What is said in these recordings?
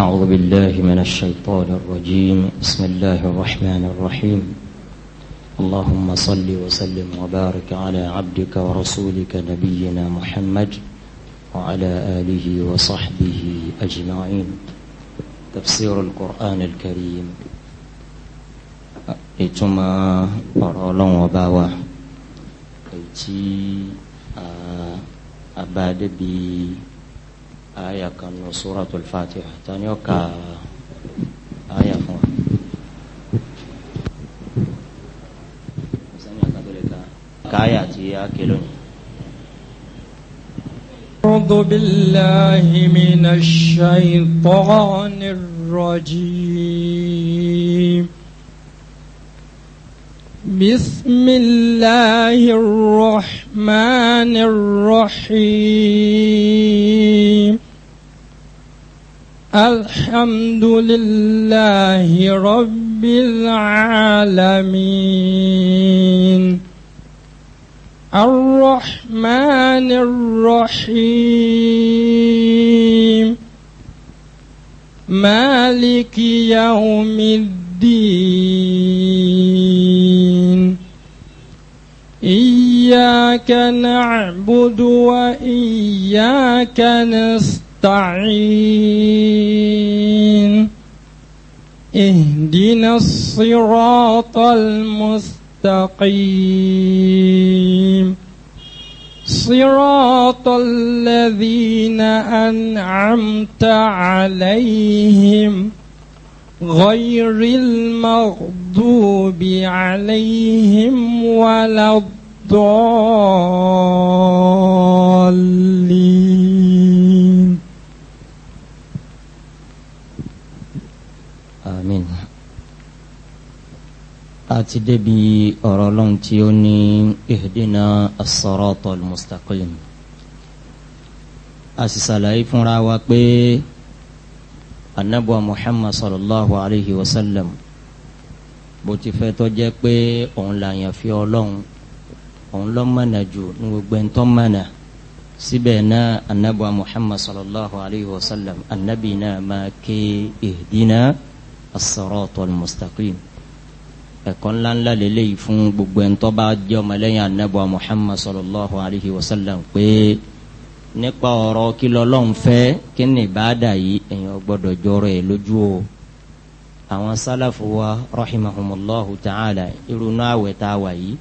أعوذ بالله من الشيطان الرجيم بسم الله الرحمن الرحيم اللهم صل وسلم وبارك على عبدك ورسولك نبينا محمد وعلى آله وصحبه أجمعين تفسير القرآن الكريم إتما ọ̀rọ̀ وباوا إتي wa آه، èyí aya kan ní suratul Fatiha tani ó ka aya fún wa. ka aya ti a ké lónìí. أعوذ بالله من الشيطان الرجيم بسم الله الرحمن الرحيم الحمد لله رب العالمين الرحمن الرحيم مالك يوم الدين الدين إياك نعبد وإياك نستعين اهدنا الصراط المستقيم صراط الذين أنعمت عليهم غير المغضوب عليهم ولا الضالين آمين àti débi ọ̀rọ̀ ọlọ́run tí ó ní ihdina as-sirata al-mustaqim a sì ṣàlàyé fúnra wa pé. Pe anabuwa muhammad sallallahu alayhi wa sallam bó ti fẹ́ tó jẹ́ pé òun là yàn fi ọlọ́run òun lọ́ mọ̀nà jù ní gbogbo ẹ̀ tó mọ̀nà síbẹ̀ náà anabuwa muhammad sallallahu alayhi wa sallam anabi náà máa ké ihdina as-siratal mustaqim ẹ̀kọ́ ńláńlá lélẹ́yìí fún gbogbo ẹ̀ bá jẹ́ ọmọlẹ́yìn anabuwa muhammad sallallahu alayhi wa sallam pé nípa ọ̀rọ̀ kí lọ́lọ́run fẹ́ kí ni ìbáàdà yìí èèyàn gbọ́dọ̀ jọrọ ẹ̀ lójú o àwọn sálàfù wa rahimahumullahu ta'ala irunú àwẹ̀ tá wà yìí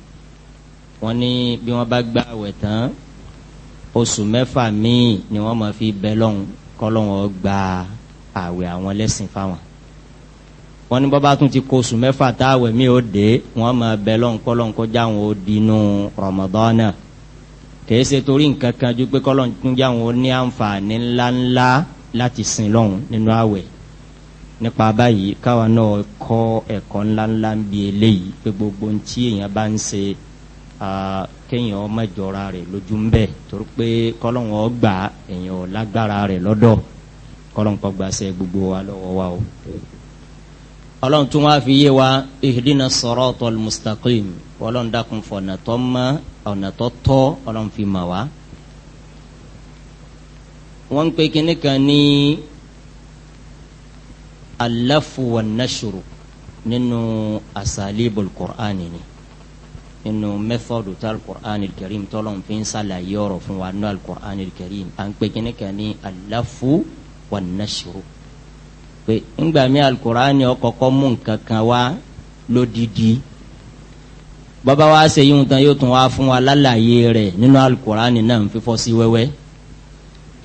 wọ́n ní bí wọ́n bá gba àwẹ̀ tán oṣù mẹ́fà míì ni wọ́n máa fi bẹ lọ́hùn kọ́lọ́hùn ó gba àwẹ̀ àwọn lẹ́sìn fáwọn wọ́n ní bọ́bá tún ti kó oṣù mẹ́fà táwẹ̀ mi ò dé wọ́n máa bẹ lọ́hùn kọ́lọ́hùn kọjá àwọn òdinú Ramadana. No kìí ṣe torí nǹkan kan ju pé kọ́lọ́n tún jẹ́ àwọn ní àǹfààní ńláńlá láti sin lọ́hùn nínú àwẹ̀ nípa báyìí káwa náà kọ́ ẹ̀kọ́ ńláńlá ń bi eléyìí pé gbogbo ohun tí èèyàn bá ń ṣe kéèyàn ọmọ ìjọra rẹ̀ lójú ń bẹ̀ torí pé kọ́lọ́n ọ̀ gbà èèyàn lágbára rẹ̀ lọ́dọ̀ kọ́lọ́n kọ́ gbàṣẹ gbogbo wa lọ́wọ́ wa o ọlọ́run tún wá fi yé wa ihdina siratal mustaqim ọlọ́run dákun fọ ọ̀nà tó mọ́ ọ̀nà tó tọ́ ọlọ́run fi mà wá. wọ́n ń pe kinní kan ní al-laffu wan-nashru nínú asalibul Qur'ani ni nínú mẹ́fọ́dù tó al-Qur'ani tọ́lọ́run fi ń ṣàlàyé ọ̀rọ̀ fún wa nínú al-Qur'ani à ń pe kinní kan ní al-laffu pé ńgbà mí alukurani ọkọ̀ọ̀kọ́ mú nǹkan kan wá lódìdí bàbá wa ṣe yíwọ̀n tán yóò tún wá fún wa lálàyé rẹ̀ nínú alukurani náà ń fífọ́ sí wẹ́wẹ́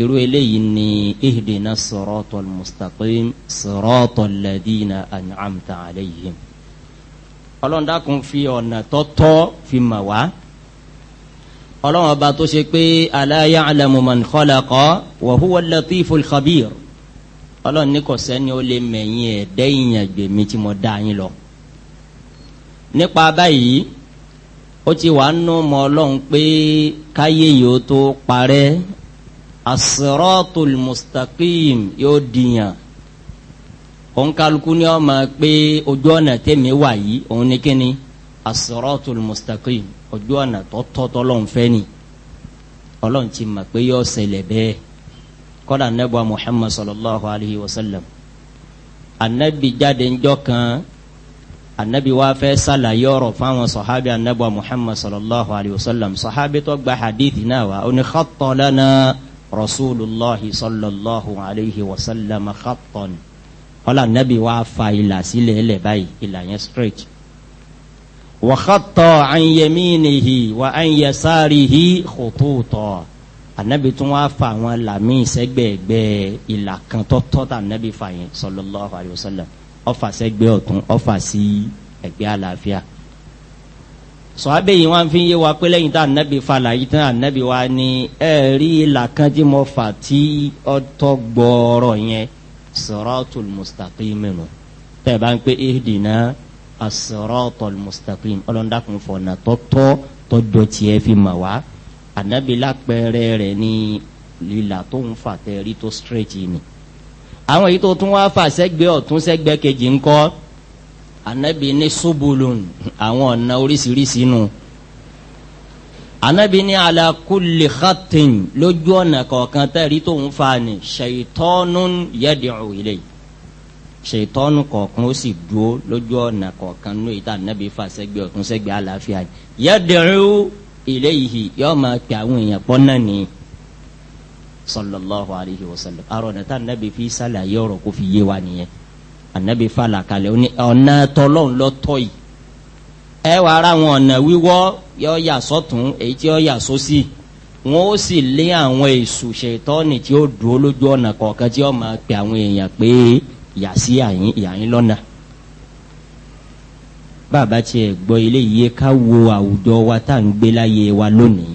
irú eléyìí ni ihdina siratal mustaqim siratal ladina an'amta alayhim ọlọ́ndàkùn fi ọ̀nà tọ́tọ́ fi mà wá ọlọ́wọ́n ọba tó ṣe pé ala ya'lamu man khalaqa wa huwa al ọlọ́run ní kò sẹ́ni ó lè mẹ̀yìn ẹ̀ dẹ́yìn ẹ̀gbẹ̀mí tí mo dá yín lọ. nípa báyìí ó ti wà nù mọ ọlọ́run pé káyé yìí tó parẹ́ asratul mustaqim yóò dìyàn òun kálukú ni ọ máa pé ojú ọ̀nà tèmi wà yìí òun ní kíni asratul mustaqim ojú ọ̀nà tó tọ́tọ́ lọ́n fẹ́ ni ọlọ́run ti mọ̀ pé yóò ṣẹlẹ̀ bẹ́ẹ̀ kọ́dà nẹ́bọ̀ muhammad sallallahu alayhi wa sallam anabi jáde ńjọ kan anabi wa fẹ́ sàlàyé ọ̀rọ̀ fáwọn sọ̀hábì anabi muhammad sallallahu alayhi wa sallam sọ̀hábì tó gba hadith náà wa ó ní xatọ́lánà rasulillahi sallallahu alayhi wa sallam xatọ́n kọ́dà anabi wa fa ìlà sílẹ̀ ẹlẹ̀ báyìí ìlà yẹn straight wàhátọ́ ànyẹ̀mínìhì wà ànyẹ̀sárìhì kòtótọ́ anabi tún wá fa àwọn làmì sẹgbẹẹgbẹ ìlà kan tọtọ tà anabi fa yẹn sallallahu alayhi wa sallam ọfà sẹgbẹ ọtún ọfà sí ẹgbẹ àlàáfíà sọ́hábẹ́ yìí wọ́n fi ń yé wa pé lẹ́yìn tá ànábì falà yìí tán ànábì wa ni ẹ rí ìlà kan tí mo fà tí ọtọ́ gbọ́ọ̀rọ̀ yẹn siratul mustaqim nù tẹ́ ẹ bá ń pẹ́ ihdina as-siratul mustaqim ọlọ́dàkùn fọ̀nà tọ́tọ́ tọ́jọ́ tiẹ̀ fi mà wá ànábi lápẹẹrẹ rẹ̀ ní lílà tó ń fà tẹ́rí tó straight ni àwọn èyí tó tún wá fà sẹ́gbẹ́ ọ̀tún sẹ́gbẹ́ kejì ńkọ́ ànábi ní subulun àwọn ọ̀nà oríṣiríṣi nù ànábi ní ala kulli khatin lójú ọ̀nà kọ̀ọ̀kan tẹ́rí tó ń fà ní shaytanun yad'u ilay ṣètọ́nù kọ̀ọ̀kan ó sì dúró lójú ọ̀nà kọ̀ọ̀kan nú ìta ànábi fà sẹ́gbẹ́ ọ̀tún sẹ́gbẹ́ àlàáfíà yad'u. ilayhi yóò máa pe àwọn èèyàn pọ́ náà ni sallallahu alayhi wa sallam arọ̀nà tá anabi fi sàlàyé ọ̀rọ̀ kó fi yé wa nìyẹn anabi fàlà kalẹ̀ ọ̀nà tọ́lọ́n lọ́tọ́ yìí ẹ wà ara àwọn ọ̀nà wíwọ́ yọ sọ́tún èyí tí yọ wọn ó sì lé àwọn ṣètọ́ni tí ó dúró lójú ọ̀nà kọ̀ọ̀kan tí yọ máa àwọn èèyàn pé yà sí àyín lọ́nà. bàbá tiẹ̀ ilé yìí ká wo àwùjọ wa tá à ń gbé láyé wa lónìí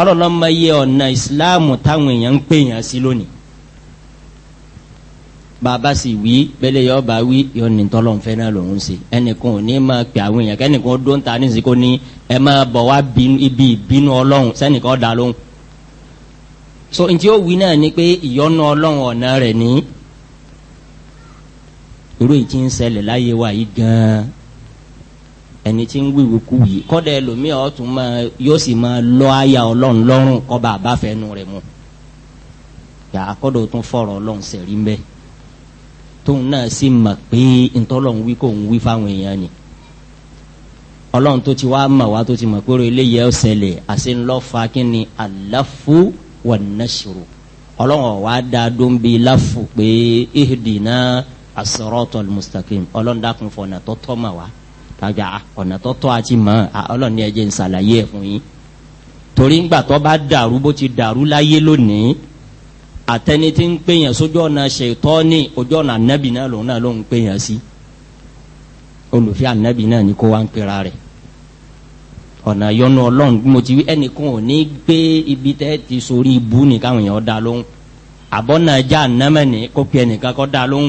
ọlọ́lọ́mọ yẹ ọ̀nà ìsìláàmù táwọn èèyàn ń pè yàn sí lónìí bàbá sì wí bẹ́lẹ̀ yọ bá wí yọ ní tọ́lọ́nfẹ́ náà lòún ṣe ẹnìkan ò ní pè àwọn èèyàn ó ibi ìbínú so ntí ó wí náà ni pé ọ̀nà ní irú ìtí ń ṣẹlẹ̀ láyé wa ẹni tí ń wíwu kú yìí kọ́dà ẹlòmíì ọ̀tún máa yóò sì máa lọ àyà ọlọ́run lọ́rùn kọ́ba àbáfẹ́nu rẹ̀ mu yà á kọ́dà òtún fọ̀rọ̀ ọlọ́run sẹ̀rí ń bẹ́ tóun náà sì mọ̀ pé ntọ́lọ́run wí kóun wí fáwọn èèyàn ni ọlọ́run tó ti wá mọ̀ wá tó ti mọ̀ pé eléyìí ẹ̀ ṣẹlẹ̀ àṣẹ ńlọ́fà kí ni àlàfo wà nàṣòro ọlọ́run wá dá dóńbi láfò pé ihdina as-siratal mustaqim ọlọ́run dákun fọ̀nà tó mọ̀ wá kájà ọ̀nà tó tọ́ àti mọ́ ọlọ́ni ẹ̀jẹ̀ ń ṣàlàyé ẹ̀ fún yín torí ńgbà tó bá dàrú bó ti dàrú láyé lónìí àtẹni tí ń pèyàn sójú ọ̀nà ṣètọ́ni ojú ọ̀nà ànábì náà lòun náà ló ń pèyàn sí olùfẹ́ ànábì náà ni kó wá ń pera rẹ̀ ọ̀nà yọnu ọlọ́run bí mo ti wí ẹnìkan ò ní gbé ibi tẹ́ ti sórí ibú ni káwọn èèyàn dá lóhùn àbọ̀nà ajá kó pe ẹnìkan kọ́ dá lóhùn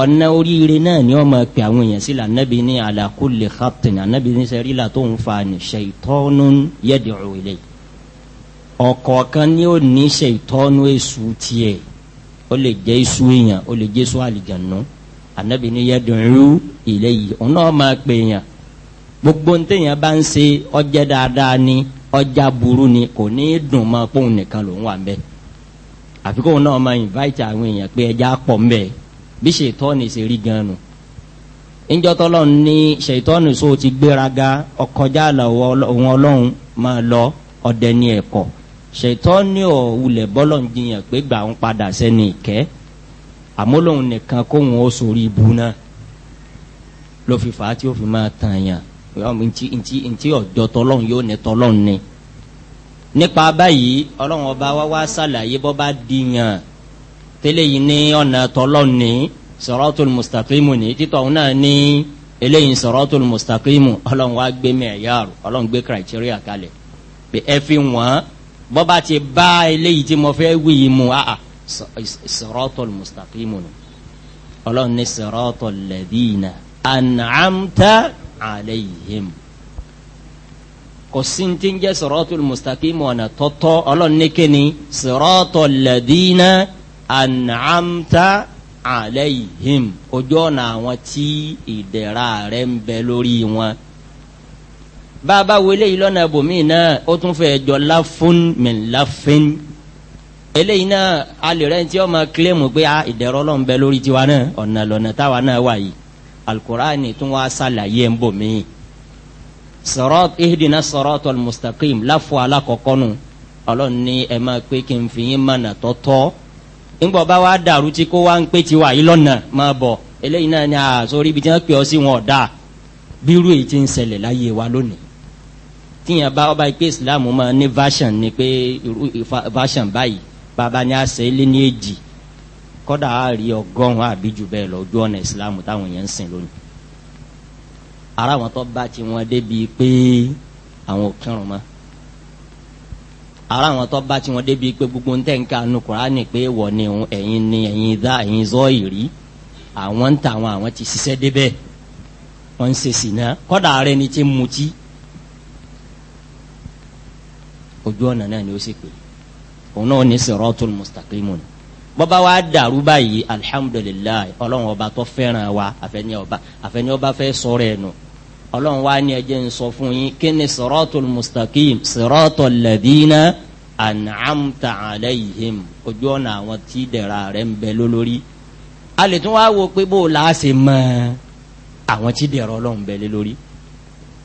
ọ̀nà oríire náà ni wọ́n máa pè àwọn èèyàn sí lànàbí ní ala kulli khatin ànàbí ní sẹ́rílà tó ń fa ní ṣètọ́nù yad'u ilay ọ̀kọ̀ọ̀kan ni ó ní ṣètọ́nù èṣù tiẹ̀ ó lè jẹ́ èṣù èèyàn ó lè jẹ́ èṣù àlìjànú ànàbí ní yad'u ilay òun náà máa pè èèyàn gbogbo ntẹ̀yìn bá ń ṣe ọjẹ́ dáadáa ni ọjà burú ni kò ní í dùn máa pọ́n nìkan lòún wà bí ṣètọ́ni ṣe rí gan nù níjọ́ tọ́lọ́ ní ṣètọ́ni so ti gbéraga ọkọjá àlàwọ̀ òun ọlọ́run máa lọ ọdẹ ní ẹ̀kọ́ ṣètọ́ni ò wulẹ̀ bọ́lọ̀ ń jiyàn pé gbà ń padà sẹ́ni ìkẹ́ àmúlòun nìkan kóhun ó sórí ibu náà ló fi fàá tí ó fi máa tàn yàn ntí ntí ntí ọjọ́ yóò ní tọ́lọ́run ni nípa báyìí ọlọ́run ọba wa wá sàlàyé bọ́ bá di yàn tẹ́lẹ̀ yìí ní ọ̀nà tọ́lọ́n ní siratul mustaqimu ní títọ̀ náà ní eléyìí siratul mustaqimu ọlọ́run wá gbé mẹ́ẹ̀yàrú ọlọ́run gbé criteria kalẹ̀ pé ẹ fi wọ́n bọ́ bá ti bá eléyìí tí mo fẹ́ wí yìí mu àà siratul mustaqimu nù ọlọ́run ní siratul ladina an'amta alayhim kò sí ń jẹ́ siratul mustaqimu ọ̀nà tọ́tọ́ ọlọ́run ní kíni siratul ladina an'amta alayhim ojú ọ̀nà àwọn tí ìdẹ̀ra rẹ̀ ń bẹ lórí wọn. bàbá wo eléyìí lọ́nà ibòmíì náà ó tún fẹ́ jọ láfún min láfín. eléyìí náà alẹ́rẹ́ tí ọmọ kílẹ̀mù pé ah, ìdẹ̀rọ̀ ló ń bẹ lórí tiwa náà ọ̀nà lọ́nà táwa náà wà yìí alukuraani tún wá sàlàyé ń bòmíì. sọ̀rọ̀ ihdina siratal mustaqim láfọ alákọ̀ọ́kọ́nu ọlọ́run ní ẹ máa pé kí n fi yín mọ̀nà tọ́tọ́ ńgbọ̀ bá wa dàrú tí kó wa ń pè tiwa yìí lọ́nà máa bọ̀ eléyìí náà ni àsórí ibi tí wọ́n pè ọ́ sí wọn ọ̀dà bírú èyí ti ń ṣẹlẹ̀ láyé wa lónìí tíyẹn bá ọba ìpè islam máa ní version ni pé version báyìí bàbá ni a ṣe é lé ní èjì kọ́dà á rí ọgọ́rùn-ún àbí jù bẹ́ẹ̀ lọ ojú ọ̀nà islam táwọn yẹn ń sìn lónìí ara àwọn tó bá tiwọn débi pé àwọn ò kírun mọ́ ara àwọn tó bá tiwọn débi pé gbogbo ń tẹ̀ka nu Kùránì pé wọ̀ ni ẹ̀yin ni ẹ̀yin dá ẹ̀yin zọ́ ìrí àwọn ń ta àwọn àwọn ti ṣiṣẹ́ débẹ̀ wọ́n ń ṣe sì náà kọ́dà rẹ ni ti mutí ojú ọ̀nà náà ni ó sì pè òun náà ní siratul mustaqimu ni bọ́ba wa dàrú báyìí alihamudulilayi ọlọ́run ọba tó fẹ́ràn wa àfẹ́ni ọba àfẹ́ni ọba fẹ́ sọ̀rọ̀ ẹ̀ nù. No ọlọ́run wá ní ẹjẹ́ ń sọ fún yín kí ni siratul mustaqim siratul ladina an'amta alayhim ojú ọ̀nà àwọn tí dẹ̀ra rẹ̀ ń bẹ lólórí a lè tún wá wo pé bó o láà ṣe mọ àwọn tí dẹ̀ra ọlọ́run bẹ lé lórí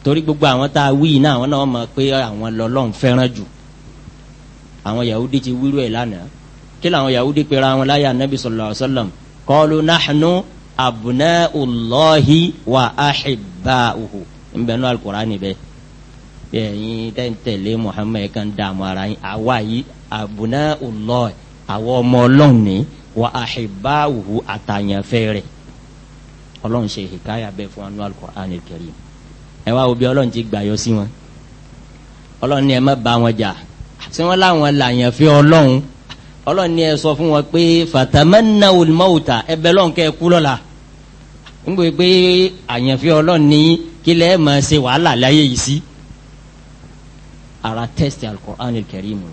torí gbogbo àwọn tá a wí náà àwọn náà mọ̀ pé àwọn lọ́lọ́run fẹ́ràn jù àwọn yahudi ti wíru ẹ̀ lánàá kí làwọn yahudi pera wọn láyà nabi sallallahu abnaullahi wa ahibbauhu nbẹnu alukurani bẹ yẹyin tẹntẹlẹ muhammed kan dààmú ara yín àwa yìí abnaullahi àwọn ọmọ ọlọ́run ni wa ahibbauhu àtàyànfẹ́ rẹ̀ ọlọ́run ṣe hikaya bẹ́ẹ̀ fún anú alukur'an kẹrìm ẹ wá wo bí ọlọ́run ti gbàyọ sí wọn ọlọ́run ni ẹ má bá wọn jà tí wọ́n láwọn làyàn fi ọlọ́run ọlọ́run ni ẹ sọ fún wọn pé fatamanna olmọ́ọ̀tà ẹbẹ̀ lọ́n kẹ́ kú lọ́la ń gbé pé àyànfẹ́ ọlọ́run ní kí lẹ́ẹ̀ máa ṣe wàhálà láyé yìí sí ara tẹ́sítì alukur'an kẹrìmù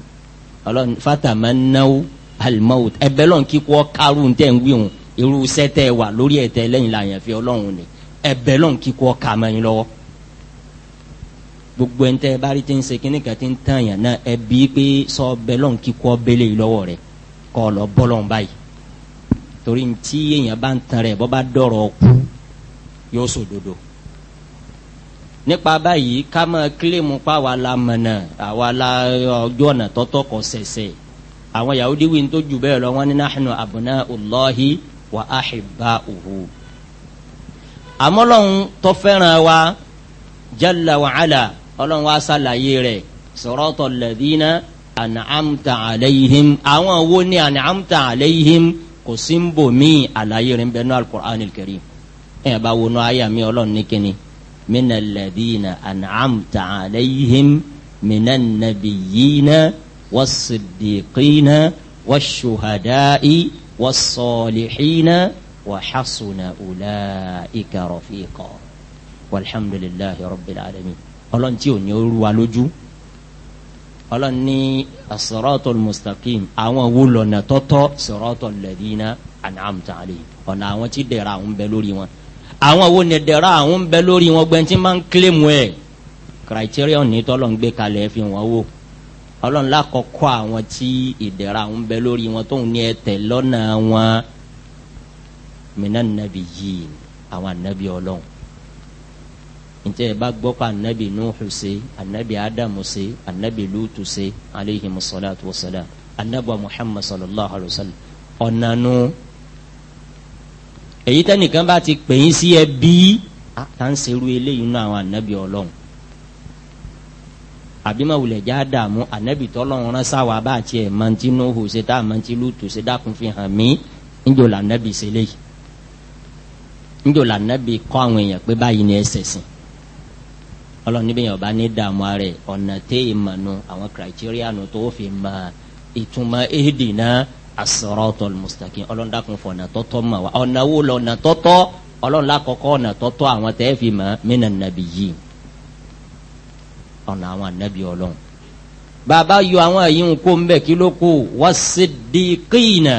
ọlọ́run fatamanna olmọ́ọ̀tà ẹbẹ̀ lọ́n kú ọ ń tẹ̀ ń wí hùn irú sẹ́tẹ̀ wà lórí ẹ̀tẹ̀ lẹ́yìn làyànfẹ́ ọlọ́run ni ẹbẹ̀ lọ́n kú ọ kà mẹ́yìn lọ́wọ́ gbogbo ẹ̀ ń tẹ́ bá rí ti ń ṣe kíní kan ti ń tàn yàn náà ẹ bí pé sọ bẹ́lọ̀ ń kíkọ́ bẹ́lẹ̀ lọ́wọ́ rẹ̀ kọ́ lọ bọ́lọ̀ ń báyìí torí tí èèyàn bá ń tan rẹ̀ bọ́ bá dọ̀rọ̀ kú yóò sòdodo nípa báyìí ká máa kílèmù pa àwa la mọ̀nà àwa la ọjọ́ ọ̀nà tọ́tọ́ kọ sẹ̀sẹ̀ àwọn Yahudi wí tó jù bẹ́ẹ̀ lọ wọ́n ní nahnu abna'ullahi wa ahibba'uhu àmọ́ Ọlọ́hun tó fẹ́ràn wa jalla wa ala ọlọ́run wá sàlàyé rẹ̀ siratal ladhina an'amta alayhim àwọn wo ni an'amta alayhim kò sí ń bò mí àlàyé rẹ̀ ń bẹ ní al-Qur'anil karim ẹ̀ bá wo nu ayé mi ọlọ́run ní kíni minal ladhina an'amta alayhim minan nabiyyina was-siddiqina wash-shuhada'i was-salihina wa hasuna ulaika rabbil alamin ọlọ́run tí ò ní ó rú wa lójú ọlọ́run ní asọ́rọ́tọ̀ mustaqim àwọn wo lọ́nà tọ́tọ́ sọ́rọ́tọ̀ lẹ́dínà an'amta alayhim ọ̀nà àwọn tí dẹ̀ra àwọn bẹ lórí wọn àwọn wo ni dẹ̀ra àwọn ń bẹ lórí wọn gbẹ́ntì máa ń kílèmù ẹ̀ criterion ní tọ́lọ́ ń gbé kalẹ̀ fi wọ́n wò ọlọ́run lákọ̀ọ́kọ́ àwọn tí ìdẹ̀ra àwọn ń bẹ lórí wọn tóun ní ẹ tẹ̀ lọ́nà wọn minan nabiyyin àwọn njẹ́ ẹ bá gbọ́ pa anabi nuhu ṣe anabi adamu ṣe anabi lutu ṣe aleyhi musalatu wasalam anabi muhammad sallallahu alayhi wa sallam ọ̀nànú èyí tẹ́nìkan bá ti pè yín sí ẹbí tá ń serú eléyìí nínú àwọn anabi ọlọ́run àbímọ̀wulẹ̀ já dààmú anabi tọ́lọ́run rán sáwà bá tiẹ̀ mọ̀ntí nuhu ṣe tá mọ̀ntí lutu ṣe dákun fi hàn mí ńjọ́ la anabi ṣe léyìí la anabi kọ́ àwọn èèyàn pé báyìí ni ẹ ṣẹ̀sìn ọlọ́run níbi yẹn ọba ní dààmú rẹ̀ ọ̀nà tẹ́ ìmọ̀nù àwọn criteria nù tó fi mọ ìtumọ̀ éèdì náà as-siratal mustaqim ọlọ́run dákun fọ ọ̀nà tọ́tọ́ mọ̀ wá ọ̀nà wo lọ ọ̀nà tọ́tọ́ ọlọ́run lákọ̀ọ́kọ́ ọ̀nà tọ́tọ́ àwọn tẹ́ fi mọ̀ minan nabiyyin ọ̀nà àwọn ànábì ọlọ́run bàbá yọ àwọn yìí kó ń bẹ̀ kí ló kó was-siddiqina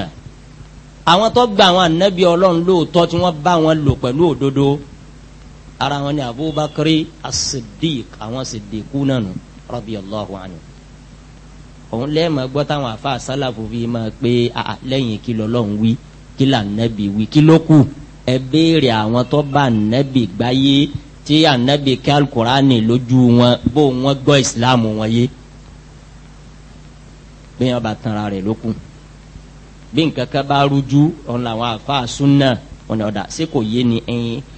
àwọn tó gba àwọn ànábì ọlọ́run lóòótọ́ tí wọ́n bá wọn lò pẹ̀lú òdodo ara wọn ni abubakari asidik àwọn sidiku nánu radiyallahu anhu òun lẹ́ẹ̀mọ́ gbọ́ táwọn afa sálàfù bíi máa pé lẹ́yìn kí lọ́lọ́run wí kí lànàbì wí kí ló kù ẹ béèrè àwọn tó bá ànàbì gbáyé tí ànàbì kí alukurani lójú wọn bó wọn gbọ́ ìsìláàmù wọn yé bí wọn bá tanra rẹ̀ ló bí nǹkan bá rújú ọ̀n làwọn afa sunna ọ̀nà ọ̀dà sí yé ni ẹ̀yin. Eh,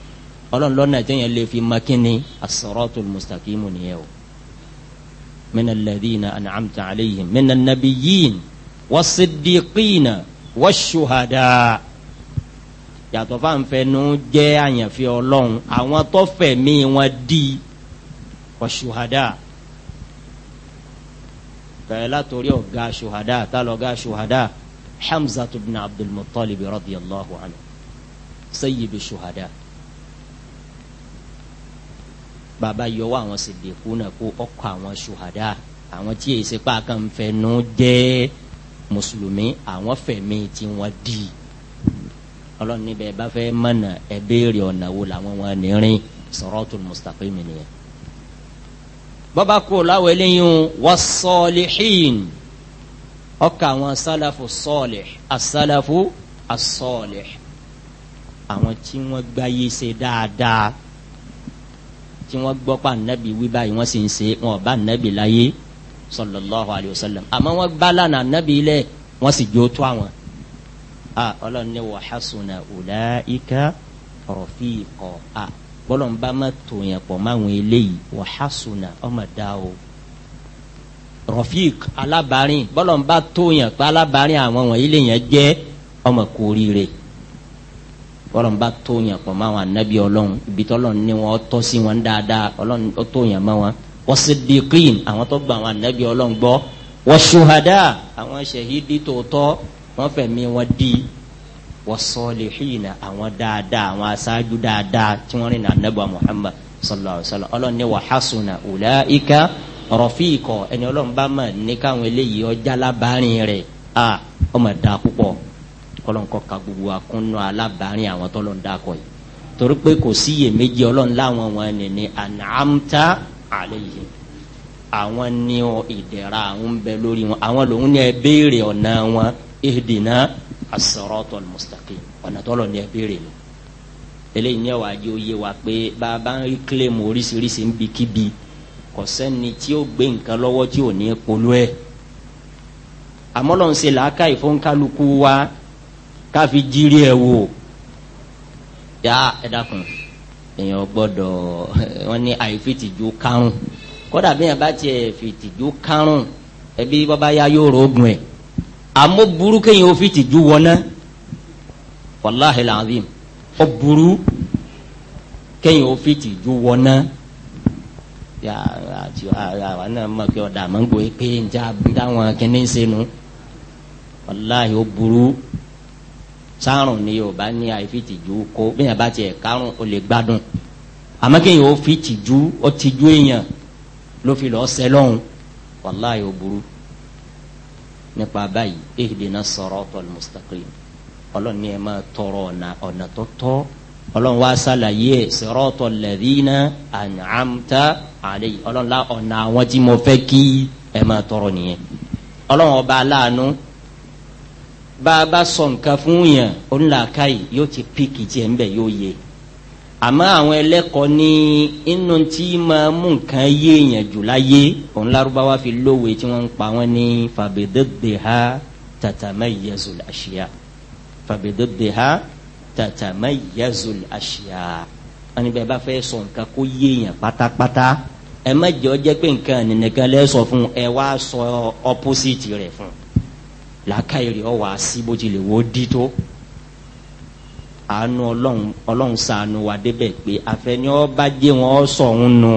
ọlọ́run lọ́nà yẹn lè fi mọ kínní as-siratul mustaqimu nìyẹn o minal ladhina an'amta alayhim minan nabiyyin was-siddiqina wash-shuhada yàtọ̀ fáǹfẹ̀nu nu àyànfẹ́ ọlọ́run àwọn tó mi wọn di wash-shuhada bẹ̀rẹ̀ látòrí ọ̀gá ṣuhada tálọ̀ tálọ̀gá ṣuhada Hamza ibn Abdul Muttalib radiyallahu anhu sayyidu ṣuhada. bàbá yọwọ́ àwọn sèdèkú náà kó ọkọ̀ àwọn suhada àwọn tí èsì pàákà ń fẹnu jẹ́ mùsùlùmí àwọn fẹ̀mí tí wọ́n di ọlọ́run níbẹ̀ bá fẹ́ mọ̀nà ẹ béèrè ọ̀nà wo làwọn wọn ní rìn siratul mustaqim nìyẹn. bọ́bá kú láwọn eléyìí was-salihin ọkà àwọn sálàfù salih as-salafu àwọn tí wọ́n gbáyé ṣe dáadáa tí wọ́n gbọ́ pa anabi wí báyìí wọ́n sì ń ṣe wọn bá anabi láyé sallallahu alayhi wa sallam àmọ́ wọ́n gbá lànà anabi lẹ̀ wọ́n sì jó tó àwọn. a ọlọ́run ní wa hasuna ulaika rafiqa a bọ́lọ̀n bá má tó yẹn pọ̀ máwọn eléyìí wa hasuna ọmọ dá o rafiq alábàárín bọ́lọ̀n bá tó yẹn pọ̀ àwọn wọ̀nyí lè yẹn ọmọ kórìíre bọ́lọ̀n bá tó yàn pọ̀ mọ́ àwọn anabi ọlọ́run ibi tọ́lọ̀ ní wọn tọ́ sí wọn dáadáa ọlọ́run ó tó yàn mọ́ wọn wọ́sídìkín àwọn tó gba àwọn anabi ọlọ́run gbọ́ wọ́ṣuhadá àwọn ṣèhídì tòótọ́ wọ́n fẹ̀mí wọn di wọ́sọ̀lìhìn àwọn dáadáa àwọn aṣáájú dáadáa tí wọ́n rìn anabi Muhammad sallallahu alayhi wa sallam ọlọ́run ní wàhásùnà ulaika rọ̀fíìkọ̀ ẹni ọlọ́run bá mọ̀ kọ́lọ́nkọ́ ka gbogbo akúnnú alábàárín àwọn tọ́lọ́ ń dákọ̀ yìí torí pé kò sí iyèméjì ọlọ́run láwọn wọn ni ni anamta aleyhi àwọn ní ìdẹ̀ra àwọn ń bẹ lórí wọn àwọn lòun ní ẹ béèrè ọ̀nà wọn ihdina as-siratal mustaqim ọ̀nà tọ́lọ̀ ní ẹ béèrè lọ eléyìí ní ẹ̀wà ajé oyé wa pé bàbá ń rí kílèmù oríṣiríṣi ń bi kíbi kò sẹ́ni tí ó gbé nǹkan lọ́wọ́ tí ò ní polú ẹ̀ àmọ́ lọ́n ṣe làákàyè fún wa káfi jírí ẹ wò yá ẹ dákun èèyàn gbọ́dọ̀ wọn ní àìfitìjú kárùn kódà bí yẹn bá tiẹ̀ fìtìjú kárùn ẹbí bàbá yá yóò rògùn ẹ àmọ́ burú kéèyàn ó fìtìjú wọná wàláhi làzim ó burú kéèyàn ó fìtìjú wọná yà àti àwọn náà mọ̀ kí ọ̀dà àmọ́ ń pé ń dáwọn kìnìún sínú wàláhi ó burú sárùn ni yorùbá ní àìfi tìjú kó bí yẹn bá tiẹ̀ kárùn ó lè gbádùn àmọ́ kéèyàn ó fi tìjú ó tìjú èèyàn ló fi lọ́ọ́ sẹ́ lọ́hùn wàláyé ó burú nípa báyìí ihdina siratal mustaqim ọlọ́run ní ẹ máa tọrọ ọ̀nà ọ̀nà tó tọ́ ọlọ́run wá sàlàyé siratal ladhina an'amta alayhi ọlọ́run lá ọ̀nà àwọn tí mo fẹ́ kí ẹ máa tọrọ nìyẹn ọlọ́run ọba aláàánú. Baba a bá sọ nǹkan fún yàn onílàáká yìí yóò ti píkì tiẹ̀ ń bẹ̀ yóò yé àmọ́ àwọn ẹlẹ́kọ̀ọ́ ní inú tí máa mú nǹkan yé èèyàn jù láyé òun lárúbáwá fi lówe tí wọ́n ń pa wọ́n ní fàbẹ́dẹ́gbẹ̀ha tatamayazul àṣìyà fàbẹ́dẹ́gbẹ̀ha tatamayazul àṣìyà wọ́n ní bẹ́ẹ̀ bá fẹ́ sọ kó yé èèyàn pátápátá ẹ má jẹ́ ọ pé nǹkan nìkan lẹ́ sọ fún ẹ wá sọ opposite rẹ̀ fún làákàyèrè ọwọ́ àṣìbójìlẹ̀ wò ó dí tó àánú ọlọ́run ọlọ́run sànù wà débẹ̀ pé àfẹnyọ́ bá jẹ́ wọn sọ̀hún nù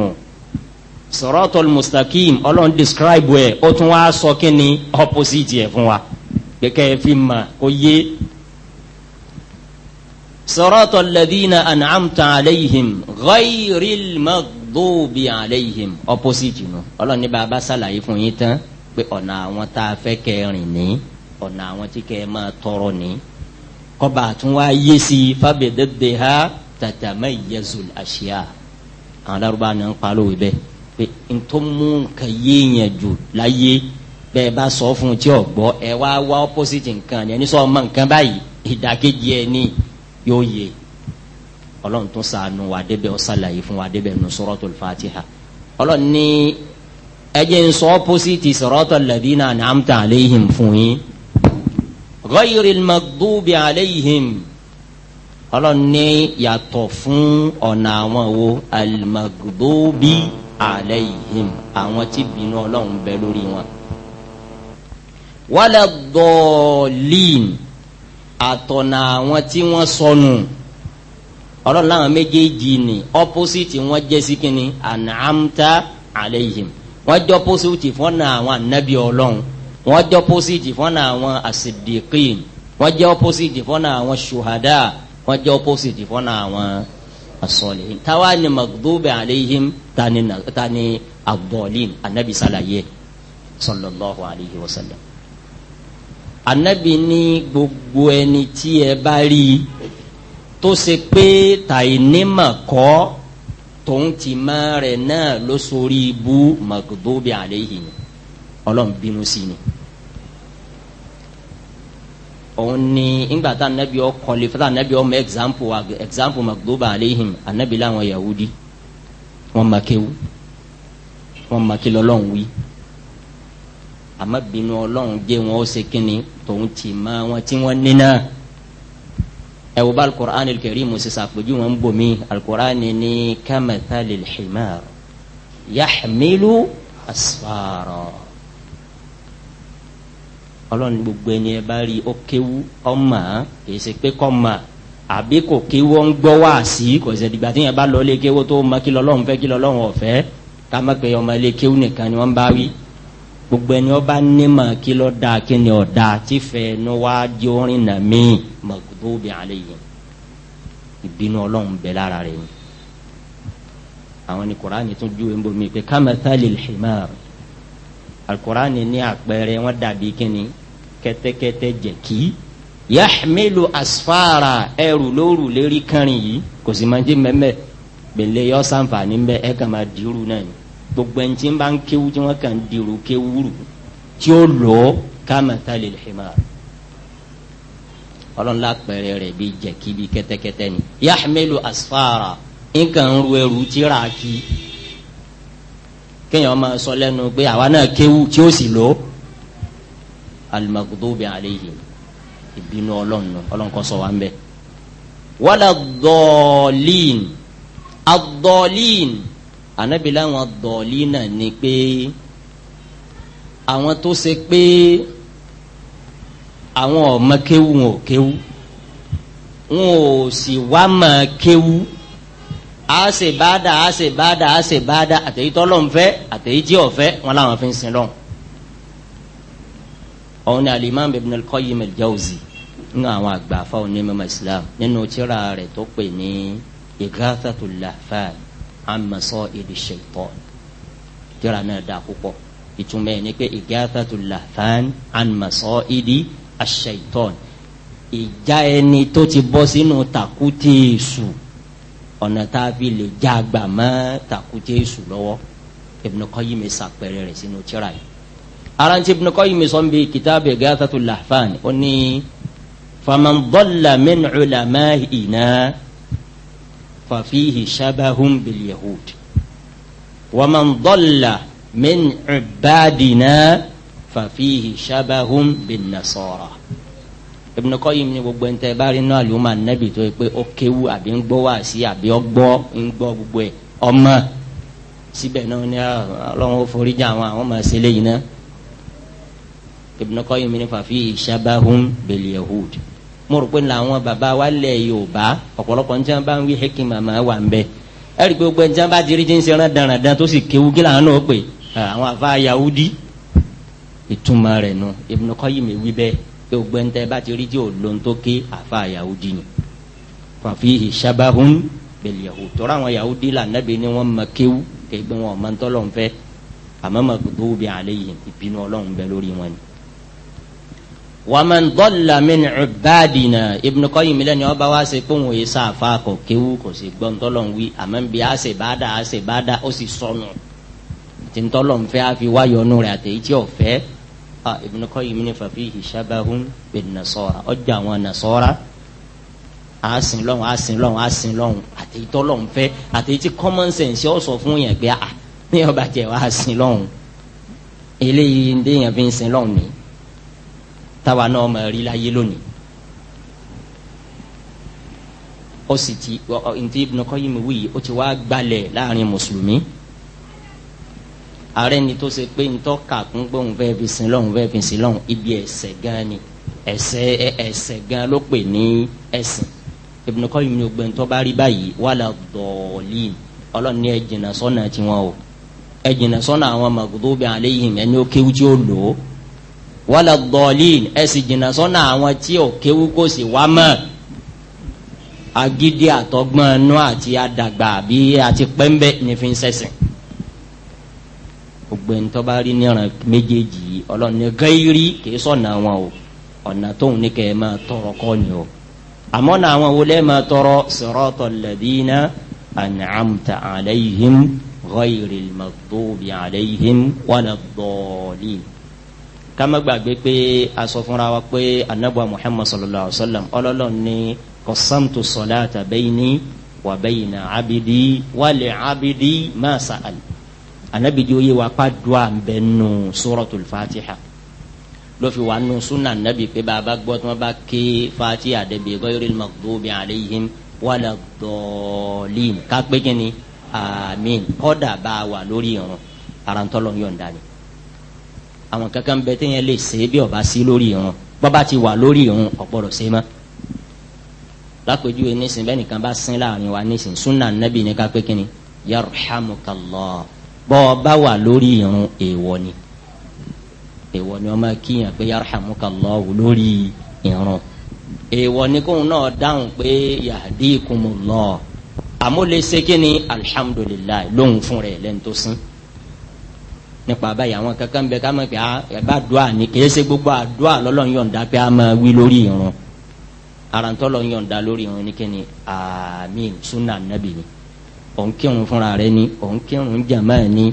sọ̀rọ̀tọ̀lù mustakim ọlọ́run describe ẹ̀ ó tún wá sọ kí ni opposite ẹ̀ fún wa kẹ́kẹ́ fi mà kó yé sọ̀rọ̀tọ̀lù lẹ́dínà anamta aleihim ghayril magdubi aleihim opposite nù ọlọ́run ní bàbá sàlàyé fún yín tán pé ọ̀nà àwọn tá a fẹ́ kẹrin nìyí ọ̀nà àwọn tí kẹ́ ẹ máa tọrọ ní kọba tún wá yé sí i fábẹ́dẹ́dẹ́ ha tàtàmẹ́ yẹzul àṣìá àwọn alárúbá náà ń palọ̀ wí bẹ́ẹ̀ pé ntọ́ mú nǹkan yé yẹn jù láyé bẹ́ẹ̀ bá sọ fún un tí ò gbọ́ ẹ wá wá opposite nǹkan ni ẹni sọ ọmọ nǹkan báyìí ìdákejì ẹ ní yóò yé ọlọ́run tún sànù wà débẹ̀ ọ sàlàyé fún wa débẹ̀ nù Suratul Fatiha ọlọ́run ní ẹjẹ ń sọ opposite siratal ladina an'amta alayhim fún yín غير maghdubi عليهم، ọlọ́run ní yàtọ̀ fún ọ̀nà àwọn wo al-maghdubi alayhim àwọn tí bínú ọlọ́run bẹ lórí wọn. wala ddallin àtọ̀nà àwọn tí wọ́n sọnù ọlọ́run láwọn méjèèjì ni opposite wọn jẹ́ sí kínní an'amta alayhim wọ́n jẹ́ opposite fọ́nà àwọn ànábì ọlọ́run wọ́n jẹ́ opposite fọ́nà àwọn asidikin wọ́n jẹ́ opposite fọ́nà àwọn shuhada wọ́n jẹ́ opposite fọ́nà àwọn asọ́lẹ̀ táwa ni magdubi aleihim tani tani abdulin anabi salaye sallallahu alayhi wa sallam anabi ní gbogbo ẹni tí ẹ bá rí tó ṣe pé tàìnímà kọ́ tóun ti máa rẹ̀ náà ló sórí ibú magdubi aleihim ọlọ́run bínú sí ni. òun ni ńgbà tá anabi ọkọlẹ fún anabi ọmọ example wa example magdoba aleihim anabi làwọn yahudi wọn makewu wọn makele ọlọ́run wí àmọ́ bínú ọlọ́run jẹ́ wọn ó ṣe kínni tòun ti mọ wọn tí wọ́n ní ẹ wo bá alukur'an kẹrìm sísè àpèjú wọn bomi alukur'an ní kamathali al-himar yahmilu ọlọ́run gbogbo ẹni ẹ bá rí ó kéwú ọmọ kìí ṣe pé kọ́ mọ̀ àbí kò kéwú ń gbọ́ wá sí kò sì dìgbà tí yẹn bá lọ lé kéwú tó mọ kí lọ́lọ́run fẹ́ kí lọ́lọ́run ọ̀fẹ́ ká má pe ọmọ ilé kéwú nìkan ni wọ́n bá wí gbogbo ẹni ọba nímọ̀ kí lọ́ da kí ni ọ̀dà tí fẹ́ ẹnu wá di orin nà mí mọ̀gbóbi àlẹ́ yìí ìbínú ọlọ́run bẹ lára rẹ̀ ni àwọn ni kuraani tún ju ẹnbọ mi pé kamathali al-himar al-kuraani ní àpẹẹrẹ wọn dàbí kíni kẹtẹkẹtẹ jẹ̀kí yahmilu asfara ẹrù lóru lérí kẹrin yìí kò sì máa jẹ mẹmẹ gbèlè yọ sanfani mbẹ ẹ kàn máa náà ni gbogbo ẹni tí ń bá ń kéwu tí wọn kàn dirú kéwu rù tí ó lọ kamathali al-himar ọlọ́nla pẹ̀rẹ̀ rẹ̀ bí jẹ̀kí bí kẹ́tẹ́kẹ́tẹ́ ni yahmilu asfara nǹkan ń ru ẹrù tíra kí kéèyàn máa sọ lẹ́nu pé àwa náà kéwu tí ó sì lọ al-maghdubi alayhim ìbínú ọlọ́run ọlọ́run kọ́ sọ wá ń bẹ̀. wala ad-dallin ad-dallin ànábì láwọn ad-dallin náà ni pé àwọn tó ṣe pé àwọn ọmọ kéwu wọn ò kéwu wọn ò sì wá mọ kéwu àṣebáda àṣebáda àṣebáda àtẹ̀yítọ́ lọ́nfẹ́ àtẹ̀yítí ọ̀fẹ́ wọn làwọn fi sin lọ́hùn òun ni alimam ibn al-Qayyim al-Jawzi nínú àwọn àgbàfà onímọ̀ islam nínú tírà rẹ̀ tó pè ní Ighathatul Lahfan an Masa'idi Shaytan tírà náà dá púpọ̀ ìtumọ̀ ẹ̀ ni pé Ighathatul Lahfan an Masa'idi Shaytan ìjà ẹni tó ti bọ́ sínú tàkútì èṣù ọ̀nà lè já àgbà mọ́ tàkútì èṣù lọ́wọ́ Ibn Qayyim sínú tírà yìí aranti Ibn Qayyim sọ́n bi kitaabi Ighathatul Lahfan ó ní faman dalla min ulama'ina fafihi shabahun bil yahud waman dalla min ibadina fafihi shabahun bin nasara. Ibn Qayyim ni gbogbo ntẹ bari náà ló ma nẹbi tó yẹ pé ó kéwu àbí ń gbọ́ wá sí àbí ó gbọ́ ń gbogbo ẹ ọmọ síbẹ̀ ni ọlọ́run ó forí jà àwọn Ibn Qayyim ní fàfi ìṣàbáhùn bil yahud mo rò pé làwọn bàbá wa lẹ̀ yorùbá ọ̀pọ̀lọpọ̀ njẹ́ bá ń wí hekima máa wà ń bẹ ẹ̀rí pé gbogbo njẹ́ bá dirí jí ń sẹ́ran dandan tó sì kéwu kí làwọn náà yahudi ìtumọ̀ rẹ̀ nu Ibn Qayyim mi wí bẹ́ẹ̀ pé gbogbo njẹ́ bá ti rí jí yahudi ni fàfi ìṣàbáhùn bil yahud tọ́ra àwọn yahudi là nàbẹ ni wọ́n ma kéwu kéwu wọn ò mọ ntọ́lọ́ àmọ́ gbogbo bí alẹ́ yìí ìbínú ọlọ́run bẹ lórí ni wàmán dọ́là mẹ́ni ọ̀bádìnà Ibn Qayyim lẹ́ni ọba wa ṣe pé òun yìí sáfà kò kéwú kò sì gbọ́ ntọ́lọ̀ ń wí àmọ́ bí a ṣe bá dà a ṣe bá dà ó sì sọnù tí ntọ́lọ̀ ń fẹ́ a fi wáyọ̀ ọ̀nù rẹ̀ àtẹ̀yí tí ọ̀fẹ́ Ibn Qayyim ní fàfi ìṣàbàhùn bin nasara ọjà àwọn nasara àásìn lọ́hùn àásìn lọ́hùn àásìn lọ́hùn àtẹ̀yí tọ́lọ̀ ń fẹ́ àtẹ̀yí tí common sense ọ̀ sọ fún yẹn pé à ní ọba jẹ́ wàá sìn lọ́hùn eléyìí ń dé yẹn fi ń sìn lọ́hùn táwa náà mọ̀ rí láyé lónìí. ó sì ti ntí Ibn Qayyim wí ó ti wá gbalẹ̀ láàrin mùsùlùmí ààrẹ ni tó ṣe pé ntọ́ kàkún pé fẹ́ fi sin lọ́hùn fẹ́ fi sin lọ́hùn ibi ẹ̀ṣẹ̀ gan ni ẹ̀ṣẹ̀ ẹ̀ṣẹ̀ gan ló pè ní ẹ̀sìn Ibn Qayyim ni ògbẹ́ ntọ́ bá rí báyìí wàlà dọ̀ọ̀lì ọlọ́run ní ẹ jìnnà sọ́nà tiwọn o ẹ sọ́nà àwọn maghdubi alayhim ẹni ó kéwú tí ó lò ó wala dọ̀lín ẹ sì jìnnà sọ́nà àwọn tí ò kéwú kò sì wá mọ̀ agídí àtọgbọ́n inú àti àdàgbà bí àti pẹ́ńbẹ́ nífi ń sẹ́sìn gbogbo ẹni tó bá rí níran méjèèjì yìí ọlọ́run ní gẹ́rí kìí sọ̀nà wọn o ọ̀nà tóun ní kẹ́ ẹ máa tọrọ o àmọ́ náà àwọn wo lẹ́ẹ̀ máa tọrọ siratal an'amta alayhim ghayril maghdubi alayhim wala ddalin kama gbàgbé pé aṣọ fúnra wa pé anabuwa muhammad sallallahu alaihi wa sallam ọlọ́lọ́ ní qasamtu salata bayni wa bayna abidi wali abidi ma sa'al anabidi oye wa pa dua nbẹ nù suratul fatiha lọ́fi wa nù sunna anabi pé bàbá gbọ́ tí wọ́n bá ké fatiha dẹ̀bi ghayril maghdubi alayhim wala ddallin ká pé ni àmín kọ́dà bá wà lórí irun arantọ́lọ́ yọ̀ǹda ni àwọn kankan bẹ téèyàn lè ṣe bí ọba sí lórí irun bọba ti wà lórí irun ọgbọdọ ṣe mọ lápèjúwe nísìnyí bẹ́ẹ̀ nìkan bá sin láàrin wa nísìnyí sunna nabi ní ká pé kínní yarhamukallah bọba wà lórí irun èèwọ̀ ni èèwọ̀ ni wọn máa kíyàn pé yarhamukallah lórí irun èèwọ̀ ni kóun náà dáhùn pé yahdikumullah àmúlẹsẹ kínní alhamdulilayi lóhùn fún rẹ lẹ́nu tó sin nípa báyìí àwọn kankan bẹ ká mọ̀ pé ah, ẹ bá dùà ní kìí ṣe gbogbo àdùà lọ́lọ́ yọ̀ǹda pé a máa wí lórí irun arantọ́ lọ́ yọ̀ǹda lórí irun ní kíni àmín sunna nabi ni òun kírun fúnra rẹ ni òun kírun jàmá ni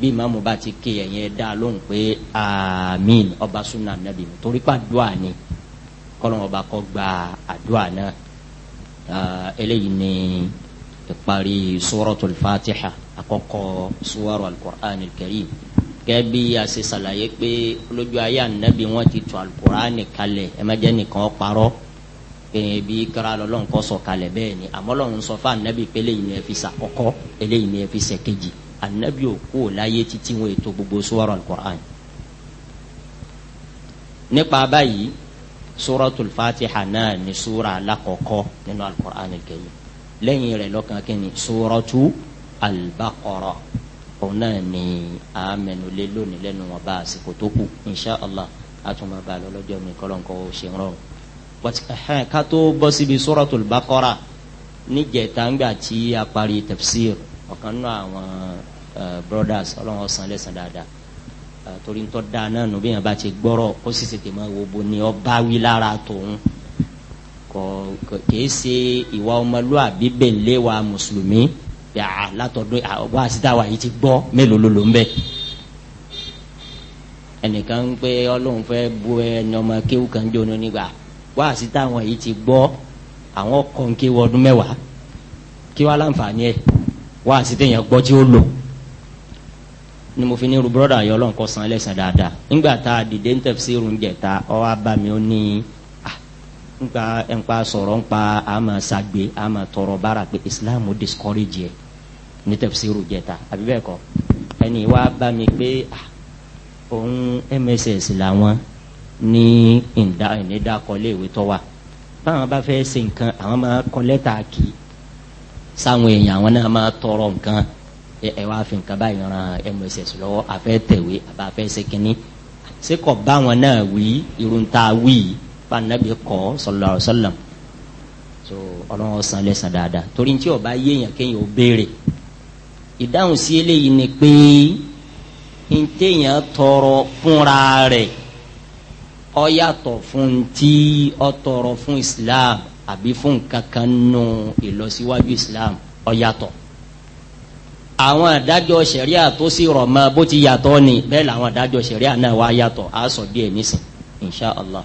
bí ìmáàmù bá ti ké ẹ̀yẹ dá lóhùn pé àmín ọba sunna nabi ni torí pé àdùà ni kọ́lọ́n ọba kọ́ gba àdùà náà ah, eléyìí ni ìparí suratul fatiha àkọ́kọ́ suwaru alukur'an karim gẹ́bí a ṣe ṣàlàyé pé lójú ayé ànábì wọ́n ti tu alukur'an kalẹ̀ ẹ má jẹ́ nìkan parọ́ pèyàn bí kíra lọ́lọ́run kọ́ sọ kalẹ̀ bẹ́ẹ̀ ni àmọ́ lọ́run sọ fún ànábì pé eléyìí ni ẹ fi ṣàkọ́kọ́ eléyìí ni ẹ fi ṣèkejì ànábì ò kú láyé títí wọn ètò gbogbo suwaru alukur'an nípa báyìí suratul fatiha náà ni sura alakọ̀kọ́ nínú alukur'an karim lẹ́yìn rẹ̀ lọ́kàn kínní suratu al-Baqara òun náà ni àmẹnulé lónìí lẹ́nu wọn bá àsìkò tó kù insha allah àtúmọ̀ bá a lọ́lọ́jọ́ mi kọ́lọ́nkọ́ ó ṣe rọrùn. ká tó bọ́ síbi suratu al-Baqara tí a parí tafsir ọ̀kan náà àwọn brothers ọlọ́wọ́n san lẹ́sàn dáadáa torí ń tọ́ da náà nù bí yẹn bá ti gbọ́rọ̀ ó sì tètè máa wo bo ni ọ bá lára tòun kọ kìí ṣe ìwà ọmọlúwàbí bẹ̀lẹ̀ wa mùsùlùmí yàrá látọ̀dọ̀ àwọn àṣìta wa yìí ti gbọ́ mélòó ló ló ń bẹ̀. ẹnìkan ń pé ọlọ́run fẹ́ bu ẹni ọmọ kéwù kan jóná nígbà wá àṣìta wọn yìí ti gbọ́ àwọn kan kéwù ọdún mẹ́wàá kí wàá láǹfààní ẹ̀ wá àṣìta yẹn gbọ́ tí ó lò ni mo fi ní ru brọ́dà yọ ọlọ́run kọ́ san ẹlẹ́sìn dáadáa nígbà tá a dìde ń tẹ̀síìrù ń jẹ̀ta ọ wá bá mi ó ní npa npa sọ̀rọ̀ npa ama sagbe ama tọrọ baara pe islam discourage yẹ ní tẹfisiru jẹta àbí bẹ́ẹ̀ kọ́ ẹni wá bá mi pé òun mss làwọn ní ìdá ìnídàkọlé ìwé tọ́wà báwọn bá fẹ́ ṣe nǹkan àwọn máa kọ lẹ́tà kì í sáwọn èèyàn àwọn náà máa tọrọ nǹkan ẹ wá fi nǹkan báyìí ran mss lọ́wọ́ àfẹ́ tẹ̀wé àbá fẹ́ ṣe kínní ṣé kò báwọn náà wí irun tá wí yìí pa Nabi kọ́ sallallahu alaihi so ọlọ́run san lẹ́sàn dáadáa torí tí ó bá yéèyàn kéèyàn ó béèrè ìdáhùn sí eléyìí ni pé ntẹ̀yàn tọrọ fúnra rẹ̀ ó yàtọ̀ fún ti ó fún Islam àbí fún kankan nù ìlọsíwájú Islam ó yàtọ̀ àwọn àdájọ́ ṣẹ̀ríà tó sì rọ̀ mọ́ bó ti yàtọ̀ ni bẹ́ẹ̀ làwọn àdájọ́ ṣẹ̀ríà náà wá yàtọ̀ á sọ díẹ̀ nísìn insha Allah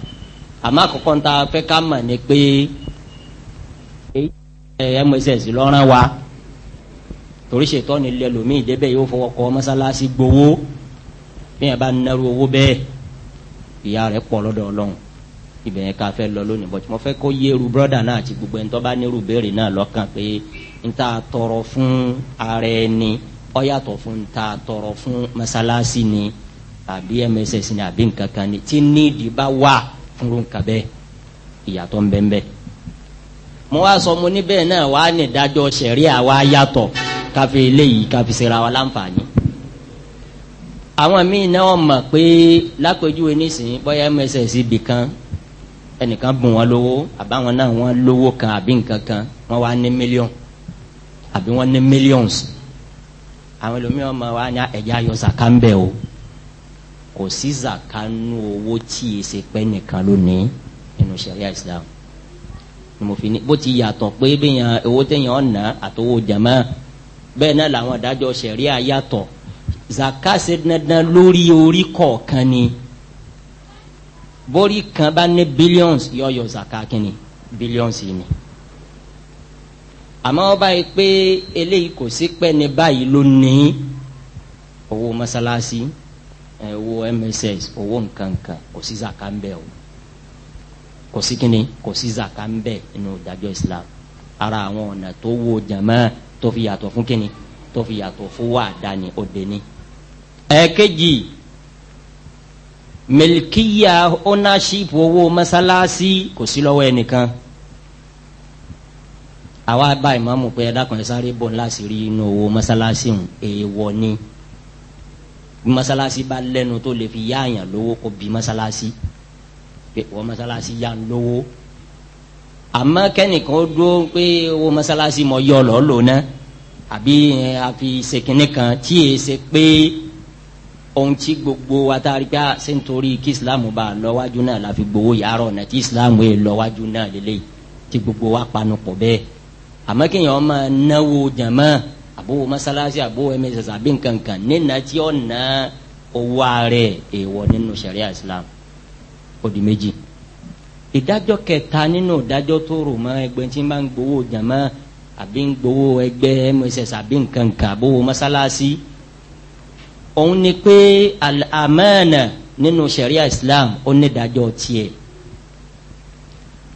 àmọ́ àkọ́kọ́ ń ta fẹ́ ká mọ̀ ni pé mss lọ́rán wa torí ṣètò ní ilé lomiin débẹ̀ yóò fọwọ́ kọ́ mọ́sálásí gbowó bí yẹn bá nẹ́rù owó bẹ́ẹ̀ ìyá rẹ̀ pọ̀ lọ́dọ̀ ọlọ́run ibẹ̀ yẹn ká fẹ́ lọ lónìí bọ́tí mo fẹ́ kó yéeru brọ́dà náà àti gbogbo ẹni tó bá nírú béèrè náà lọ́kàn pé n ta tọrọ fún ara ẹni ọ yàtọ̀ fún n ta tọrọ fún mọ́sálásí ni àbí mss ni àbí nǹkan kan ni tí nídìí bá wà fúnrún kàbẹ́ ìyàtọ̀ ńbẹ́ńbẹ́ mo wá sọ mo ní bẹ́ẹ̀ náà wàá ní ìdájọ́ sẹ̀ríà wa yàtọ̀ káfí eléyìí káfí sera wa láǹfààní àwọn míì náà mọ̀ pé lápèjúwe nísìnyí bóyá mss bì kan ẹnìkan bùn wọn lówó àbáwọn náà wọn lówó kan àbí nǹkan kan wọn wá ní mílíọ̀n àbí wọn ní mílíọ̀nsì àwọn ẹlòmíràn mọ̀ wá ní ẹ̀jẹ̀ ayọ̀ sàkà bẹ̀ o kò sí zakanu owó tí e ṣe pẹ́ nìkan lónìí nínú sẹ̀ríà islam ni mo fi ní bó ti yàtọ̀ pé bẹ́yàn owó tẹ̀yàn ọ̀nà àtowó jama bẹ́ẹ̀ náà làwọn ìdájọ́ sẹ̀ríà yàtọ̀ zaka ṣe dandan lórí orí kọ̀ọ̀kan ni bórí kan bá ní billions yọ zaka kínni billions yìí ni àmọ́ ọba yìí pé eléyìí kò sí pẹ́ ní báyìí lónìí owó mọ́sálásí ẹ eh, wo mss owó nkankan kò sí zaka ń bẹ o kò sí kíni kò sí zaka ń bẹ inú ìdájọ́ islam ara àwọn ọ̀nà tó wo jama tó fi yàtọ̀ fún kíni tó fi yàtọ̀ fún wà dání ó dení. ẹ̀ẹ́kejì milkiya ownership owó masalasi, kò sí lọ́wọ́ ẹnìkan àwa bá ìmáàmù pé ẹ dákun ẹ sáré bọ̀ ńlá sí rí inú owó mọ́sálásí ń èèwọ̀ ni. E masalasi bá lẹ́nu tó lè fi yáàyàn lówó kó bi masalasi pé wọ́n masalasi yá ń lówó àmọ́ kẹ́nìkan dó wo masalasi mọ̀ yọ lọ́ lò ná àbí àfi sèkínní kan tí yé ṣe pé ohun gbogbo wa ta rí ká ah, ṣe ń torí kí islam bá a lọ wájú náà la fi gbowó yàrá náà tí islam yẹ lọ wájú náà lélẹ́yìí tí gbogbo wa panu pọ̀ bẹ́ẹ̀ àmọ́ kéèyàn máa náwó jàmáà àbówó masalasi àbówó mss àbí nkankan nínà tí ó na owó ààrẹ sariya islam ó di méjì ìdájọ́ kẹta nínú ìdájọ́ tó rò mọ́ ẹgbẹ́ tí máa ń gbowó jàmọ́ àbí ń gbowó ẹgbẹ́ mss àbí nkankan àbówó masalasi òun ni pé al-amana nínú sariya islam ó ní ìdájọ́ tiẹ̀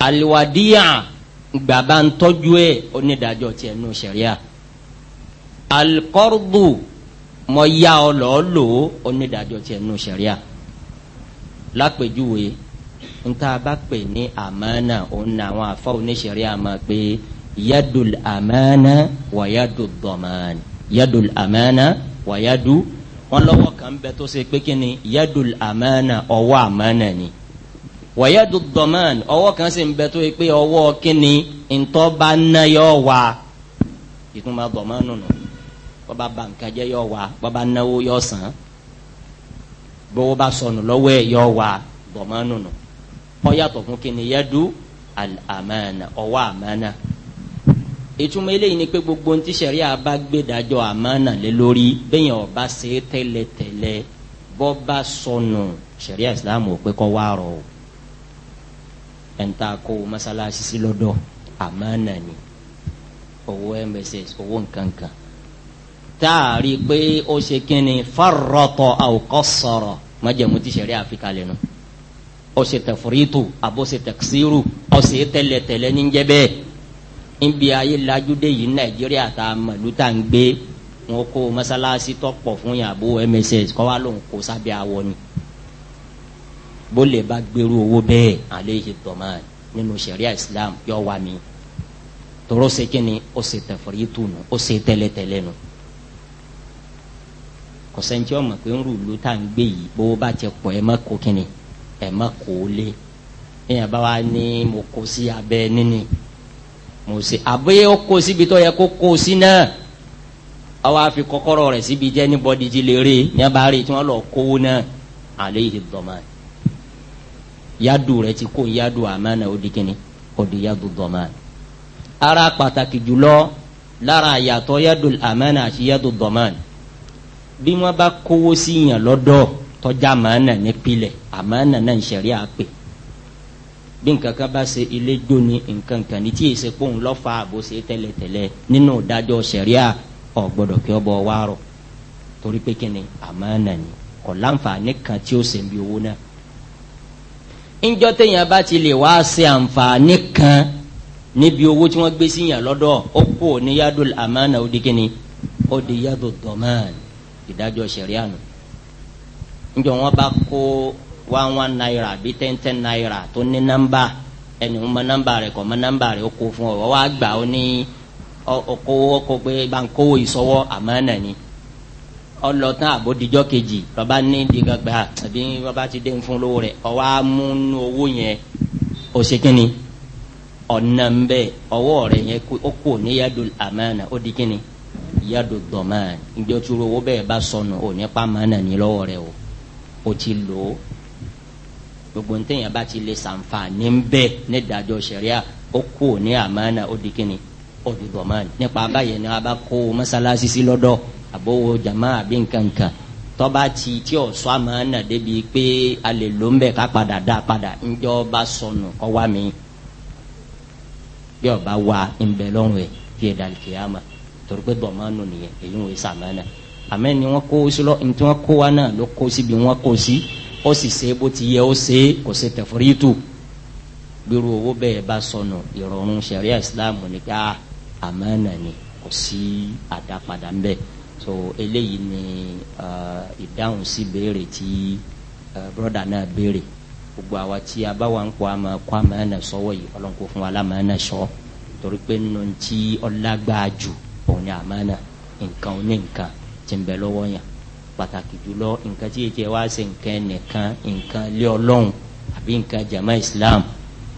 aliwadiya gbàbá ń tọ́jú ẹ̀ ó ní sariya alikọ́rùdù mọ ya ọ lọ lò ó onídàájọ́ tiẹ̀ nù sẹ̀ríà lápèjúwe nta bá pè ní amánà òun ní àwọn afọ oníṣẹ̀ríà máa pé yadul amánà wà yadul dọ̀mán yadul amánà wà yadu wọn lọ́wọ́ kan bẹ tó ṣe pé kí ni yadul amánà ọwọ́ amánà ni wà yadul dọ̀mán ọwọ́ kan sì bẹ tó pé ọwọ́ kí ni bá ná yọ wá ìtumọ̀ dọ̀mán nù nù bọ́ba ba nǹkan jẹ́ yọ wá bọ́ba náwó yọ sàn bọ́wọ́ bá sọnù lọ́wọ́ ẹ̀ yọ wá gbọ̀mọ́nù nù pọ́yàtọ̀ fún kíni yẹ́dú àmàna ọwọ́ àmàna ìtumọ̀ eléyìí ni pé gbogbo ntí sẹ̀ríà bá gbẹ̀dájọ́ àmàna lé lórí bẹ́yẹn ọba ṣe é tẹ́lẹ̀tẹ́lẹ̀ bọ́ba sọnù sẹ̀ríà islam ò pé kọ́ wá rọ̀ o ẹ̀ńtà kó masalasi sí lọ́dọ̀ àmàna ni owó mss owó nkankan taari pé ó ṣe kíni farrọtọ àwòkọsọrọ májẹ̀mú ti sẹrí àfikà lẹnu ó ṣe tẹfuritu àbó ṣe tẹkisiru ó ṣe tẹlẹtẹlẹ níjẹ bẹ́ẹ̀ níbi ayé lajúdé yìí nàìjíríà tá a mọ̀lú tá a ń gbé wọn kó masalasi tọpọ fún yàn àbó mss kọ́ wa ló ń kó sábẹ́ awọ ni bó lè bá gbèrú owó bẹ́ẹ̀ aleyhi tọ́mà nínú sẹ̀ríà islam yọ wá mi tòró ṣe kíni ó ṣe tẹfuritu nù ó ṣe tẹlẹtẹlẹ nù. No kọ̀sẹ́ntì ọmọ pé ń rúlu tá à ń gbé yìí bó bá ti pọ̀ ẹ má kó kínni ẹ má kó lé èèyàn bá wa ní mo kó sí abẹ́ níní mo sì àbẹ́ ó kó síbi tó yẹ kó kó sí náà àwa fi kọ́kọ́rọ́ rẹ̀ síbi jẹ́ ní bọ́díjì lérè ní abáre tí wọ́n lọ kówó náà àlẹ́ yìí dọ̀mọ́ yadu rẹ̀ ti kó yadu àmàna ó di kínni ó di yadu dọ̀mọ́ ara pàtàkì jùlọ lára àyàtọ̀ yadu àmàna àti yadu dọ̀mọ́ bí wọ́n bá kówó sí yàn lọ́dọ̀ tọ́já màánà nípìlẹ̀ àmàánà náà ń ṣẹ̀rí àpè bí nǹkan kan bá ṣe ilé jó ni nǹkan kan ní tí èsì pòun lọ́fà àbòsí tẹ́lẹ̀tẹ́lẹ̀ nínú ìdájọ́ ṣẹ̀ríà ò gbọ́dọ̀ kí ọ bọ̀ wá rọ̀ torí pé kíni àmàánà ni kò láǹfààní kan tí ó ṣe ń bi owó náà. ńjọ́ téèyàn bá ti lè wá ṣe àǹfààní kan níbi owó tí wọ́n gbé sí yàn lọ́dọ̀ ó kú òní yádùn àmàánà ó di kíni ó di yádùn dọ̀mán ìdájọ́ sẹ̀ríànù níjọ wọn bá kó one one naira bíi ten ten naira tó ní nọ́mbà ẹni wọn mọ nọ́mbà rẹ kò mọ nọ́mbà rẹ ó kó fún ọ wọn wá gbà ó ní ọkọwọ kó pé bankowo ìsọwọ àmọ́ ẹ̀ nàní ọlọtàn àbódijọ́ kejì lọ́ba ní dìgbàgbà àbí bàbá ti dé fún lówó rẹ̀ ọwọ́ amúnú owó yẹn òsèkínni ọ̀nà ń bẹ ọwọ́ rẹ̀ yẹn ó kò níyàdùn àmọ́ ẹ̀ nà ó di kínni yàdù dọ̀mán ǹjẹ́ o ti ro owó bẹ́ẹ̀ bá sọnù ò ní pa mọ́ nàní lọ́wọ́ rẹ o o ti lò ó gbogbo ntẹ̀yìn bá ti lè sànfàní bẹ́ẹ̀ ní ìdájọ́ sẹ̀ríà ó kú ní àmánà ó di kíni ó di dọ̀mán nípa báyẹn ni a bá kó mọ́sálásí sí lọ́dọ̀ àbówó jama àbí nkankan tọ́ba ti tí o sọ àmánà débi pé a lè lò ń bẹ̀ ká padà dá padà ǹjọ́ bá sọnù kọ́ mi bí ọba wa ń bẹ lọ́rùn ẹ̀ kí ẹ̀dá torí pé dọ̀mánu nìyẹn èyí ń wò sàmánà àmẹ́ ni wọ́n kó sílọ ntí wọ́n kó wa náà ló kó síbi wọ́n kó sí ó sì ṣe bó ti yẹ ó ṣe kò ṣe tẹ̀fọ́rìtù bírú owó bẹ́ẹ̀ bá sọnù ìrọ̀rùn sẹ̀ríà ìsìláàmù ni ká ah, àmánà ni kò sí àdápadà ń so eléyìí ni ìdáhùn sí béèrè tí broda náà béèrè gbogbo àwa tí a bá wà ń kó àmọ́ kó àmánà sọ́wọ́ yìí ọlọ́nkó fún wa lámánà sọ torí pé nínú ti ọlágbájú. So, òun ni àmánà nǹkan oní nǹkan tí ń bẹ lọ́wọ́ yàn pàtàkì jùlọ nǹkan tí ètò wa ṣe nǹkan nìkan nǹkan lé ọlọ́run àbí jama islam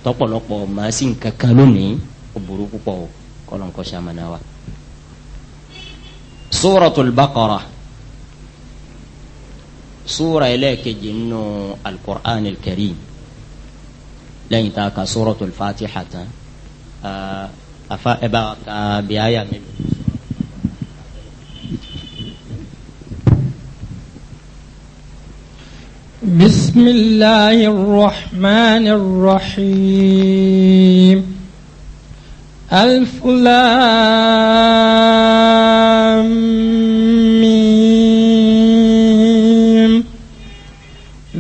tọpọlọpọ màá sí nǹkan kan lónìí ó burú púpọ̀ o kọlọ̀ ń kọ́ sàmánà wa. suratul baqara sura ẹlẹ́ẹ̀kejì nínú alukur'an karim lẹ́yìn tá a ka suratul fatiha tán ah, afa ẹ e ka bí aya mi. بسم الله الرحمن الرحيم ألف لام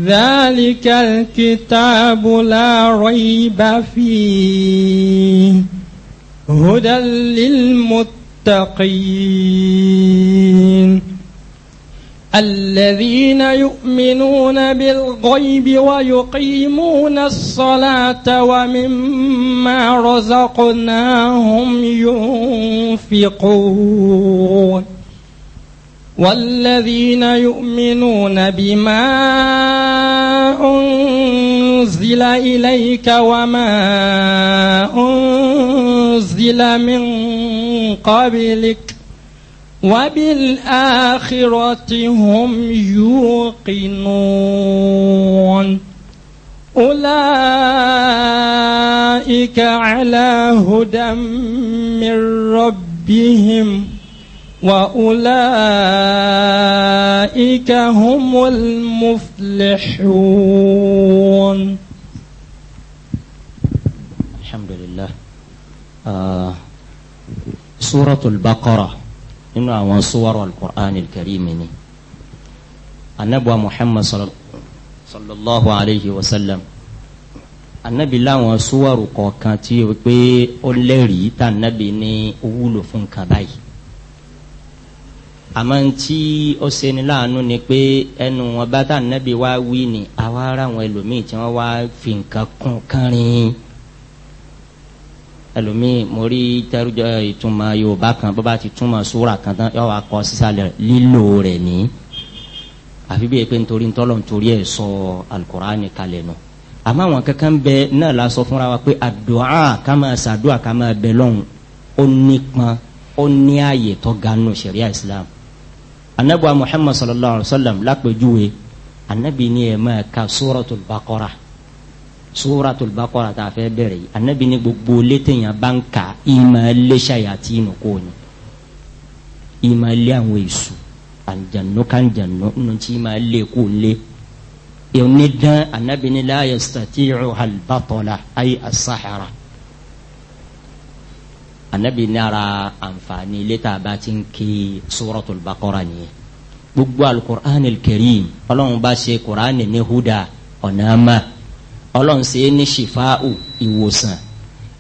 ذلك الكتاب لا ريب فيه هدى للمتقين الذين يؤمنون بالغيب ويقيمون الصلاة ومما رزقناهم ينفقون والذين يؤمنون بما أنزل إليك وما أنزل من قبلك وبالآخرة هم يوقنون أولئك على هدى من ربهم وأولئك هم المفلحون الحمد لله آه سورة البقرة nínú àwọn suwar al-Qur'an al-Karim ni anabuwa Muhammad sallallahu alayhi wa sallam anabi láwọn suwaru kọ̀ọ̀kan tí o pé ó lẹ́rìí tá anabi ní ó wúlò fún kaba yìí àmọ́ tí ó ṣeni láàánú ni pé ẹnu wọn bá tá anabi wá wí ni àwa ara àwọn ẹlòmíì tí wọ́n wá fi nǹkan kún kánrin ẹlòmíì mo rí tẹrújọ ìtumọ̀ yorùbá kan bó bá ti túmọ̀ sóra kan tán yọ wá kọ sísàlẹ̀ lílo rẹ̀ ní àfi bí epe nítorí ntọ́lọ̀ nítorí ẹ̀ sọ alukur'ani kalẹ̀ nù àmọ́ àwọn kankan bẹ náà la sọ fúnra wa pé àdúà ká máa ṣàdúà ká máa bẹ lọ́hùn ó ní ààyè tó ga nù sẹ̀ríà islam anabuwa muhammad sallallahu alayhi wa sallam lápẹjúwe anabi ni ẹ máa ka suratul baqarah suratul Baqara tá a fẹ́ bẹ̀rẹ̀ yìí anabi ní gbogbo létèyàn bá ń ka ìmọ̀ ẹlẹ́ṣayàtì nù kó ni ìmọ̀ ẹlẹ́ àwọn èṣù àǹjànú kàǹjànú nù tí ìmọ̀ ẹlẹ́ kó lé onídán anabi ní la yastati'uha al-batala ay as-sahara anabi nara àǹfààní létà bá ti ń ké suratul Baqara nìyẹn gbogbo al-Qur'an al-Karim ọlọ́run bá ṣe huda ọ̀nàmá ọlọ́run ṣe é u ṣìfáù ìwòsàn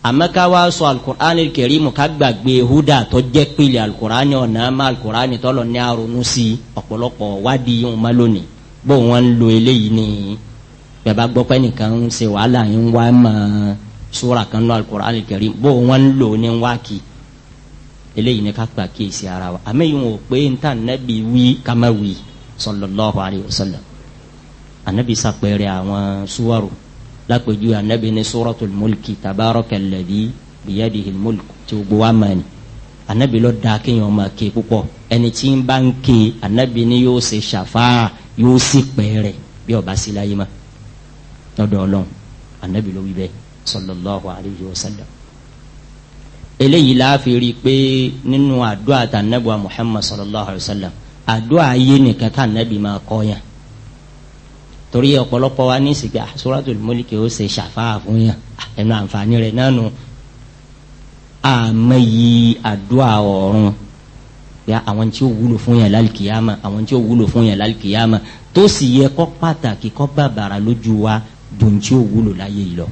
àmọ́ ká wá sọ alukur'ani kẹrìmù ká gbàgbé húdà tó jẹ́ pèlè alukur'ani ọ̀nà àmà alukur'ani tọ́lọ̀ ní àrònú sí ọ̀pọ̀lọpọ̀ wádìí yóò má lónìí bó wọn ń lo eléyìí ni bàbá gbọ́pẹ́ nìkan ń ṣe wàhálà ń wá mọ́ sóra kan náà alukur'ani kẹrìmù bó wọn ń lò ní wá kì eléyìí ni ká gbà kíyèsí ara wa àmọ́ yìí wọ́n pé ń tàn nábì wí ká wí sallallahu alayhi wa sallam ànábì sàpẹrẹ àwọn súwárò lápèjúwe anabi ní suratul mulki tabarakal ladhi biyadihil mulku tí gbogbo wa mọ̀ ni anabi ló da kéèyàn máa ké púpọ̀ ẹni tí ń bá ń ké anabi ni yóò ṣe ṣàfáà yóò sì pẹ́ẹ́rẹ́ bí ọba sí láyé ma lọ́dọ̀ ọlọ́run anabi ló wí bẹ́ẹ̀ sallallahu alayhi wa sallam eléyìí la fi rí pé nínú àdúrà tànàbùwà muhammad sallallahu alayhi wa sallam àdúrà ayé nìkan tànàbì máa kọ́ yàn torí ọ̀pọ̀lọpọ̀ wa ní sìgá suratul mulki ó ṣe ṣàfáà fún yàn ah, ẹnu àǹfààní rẹ̀ náà nù àmọyí àdúrà ọ̀run pé àwọn tí ó wúlò fún yàn lálùkìyàmà àwọn tí ó wúlò fún yàn lálùkìyàmà tó sì yẹ kọ́ pàtàkì kọ́ bàbàrà lójú wa dùn tí ó wúlò láyé yìí lọ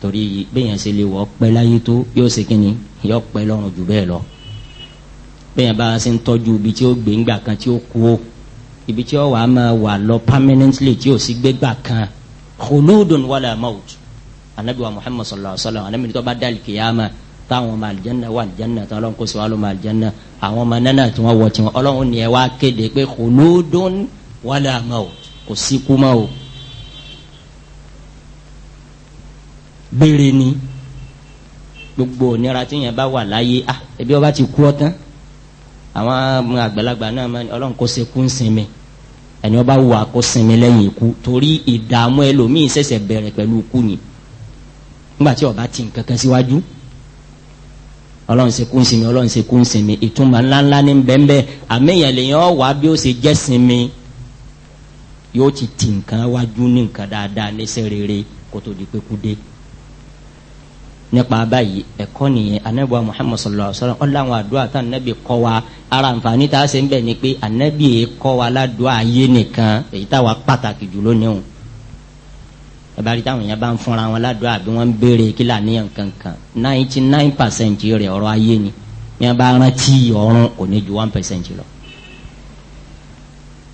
torí bẹ́yàn ṣe lè wọ́ pẹ́ láyé tó yóò ṣe kínni yóò pẹ́ lọ́rùn jù bẹ́ẹ̀ lọ bẹ́yàn bá ṣe ń tọ́jú ibi tí ó gbé ńgbà kan tí ó kú ó ibi tí ó wà máa wà lọ permanently tí ó sì gbégbà kan khuludun wala maut anabi wa muhammad sallallahu alaihi wa sallam anabi tó bá dàlí kìyàmà táwọn ọmọ alìjánná wà alìjánná tó ọlọ́run kó sọ wàá lọ́mọ alìjánná àwọn ọmọ nánà tí wọ́n wọ tí wọ́n ọlọ́run ni ẹ wá kéde pé khuludun wala maut kò síkú mọ́ o béèrè ni gbogbo ònira tí yẹn bá wà láyé ah ebi ọba ti kú ọ tán àwọn àgbàlagbà náà ọlọ́run kó ṣe ń sinmi ẹni ọba wù àkọsinmi lẹ́yìn ikú torí ìdààmú ẹlòmíì ṣẹ̀ṣẹ̀ bẹ̀rẹ̀ pẹ̀lú ikú ni nígbà tí ọba ti nǹkan kan síwájú ọlọ́run ṣe kú ń sinmi ọlọ́run ṣe kú ń sinmi ìtumọ̀ ńláńlá ní bẹ́ẹ̀nbẹ́ àmẹ́yàn lèyàn wà bí ó ṣe jẹ́ sinmi yóò ti ti nǹkan wájú ní nǹkan dáadáa ní sẹ́rẹ̀ẹ́rẹ́ kó di pé kú dé nípa báyìí ẹ̀kọ́ nìyẹn anabiwa muhammad sallallahu alaihi wa sallam ọ̀là àwọn àdúrà tá anabi kọ́ wa ara nfààní tá a ṣe ń bẹ̀ ni pé anabi yìí kọ́ wa ládùá ayé nìkan èyí táwa pàtàkì jùlọ níwọ̀n ẹ̀bárí táwọn èèyàn bá ń fúnra wọn ládùá àbí wọ́n ń béèrè kí làníyàn kankan ninety nine percent rẹ̀ ọ̀rọ̀ ayé ni ní a bá rántí ọ̀run kò ní ju one percent lọ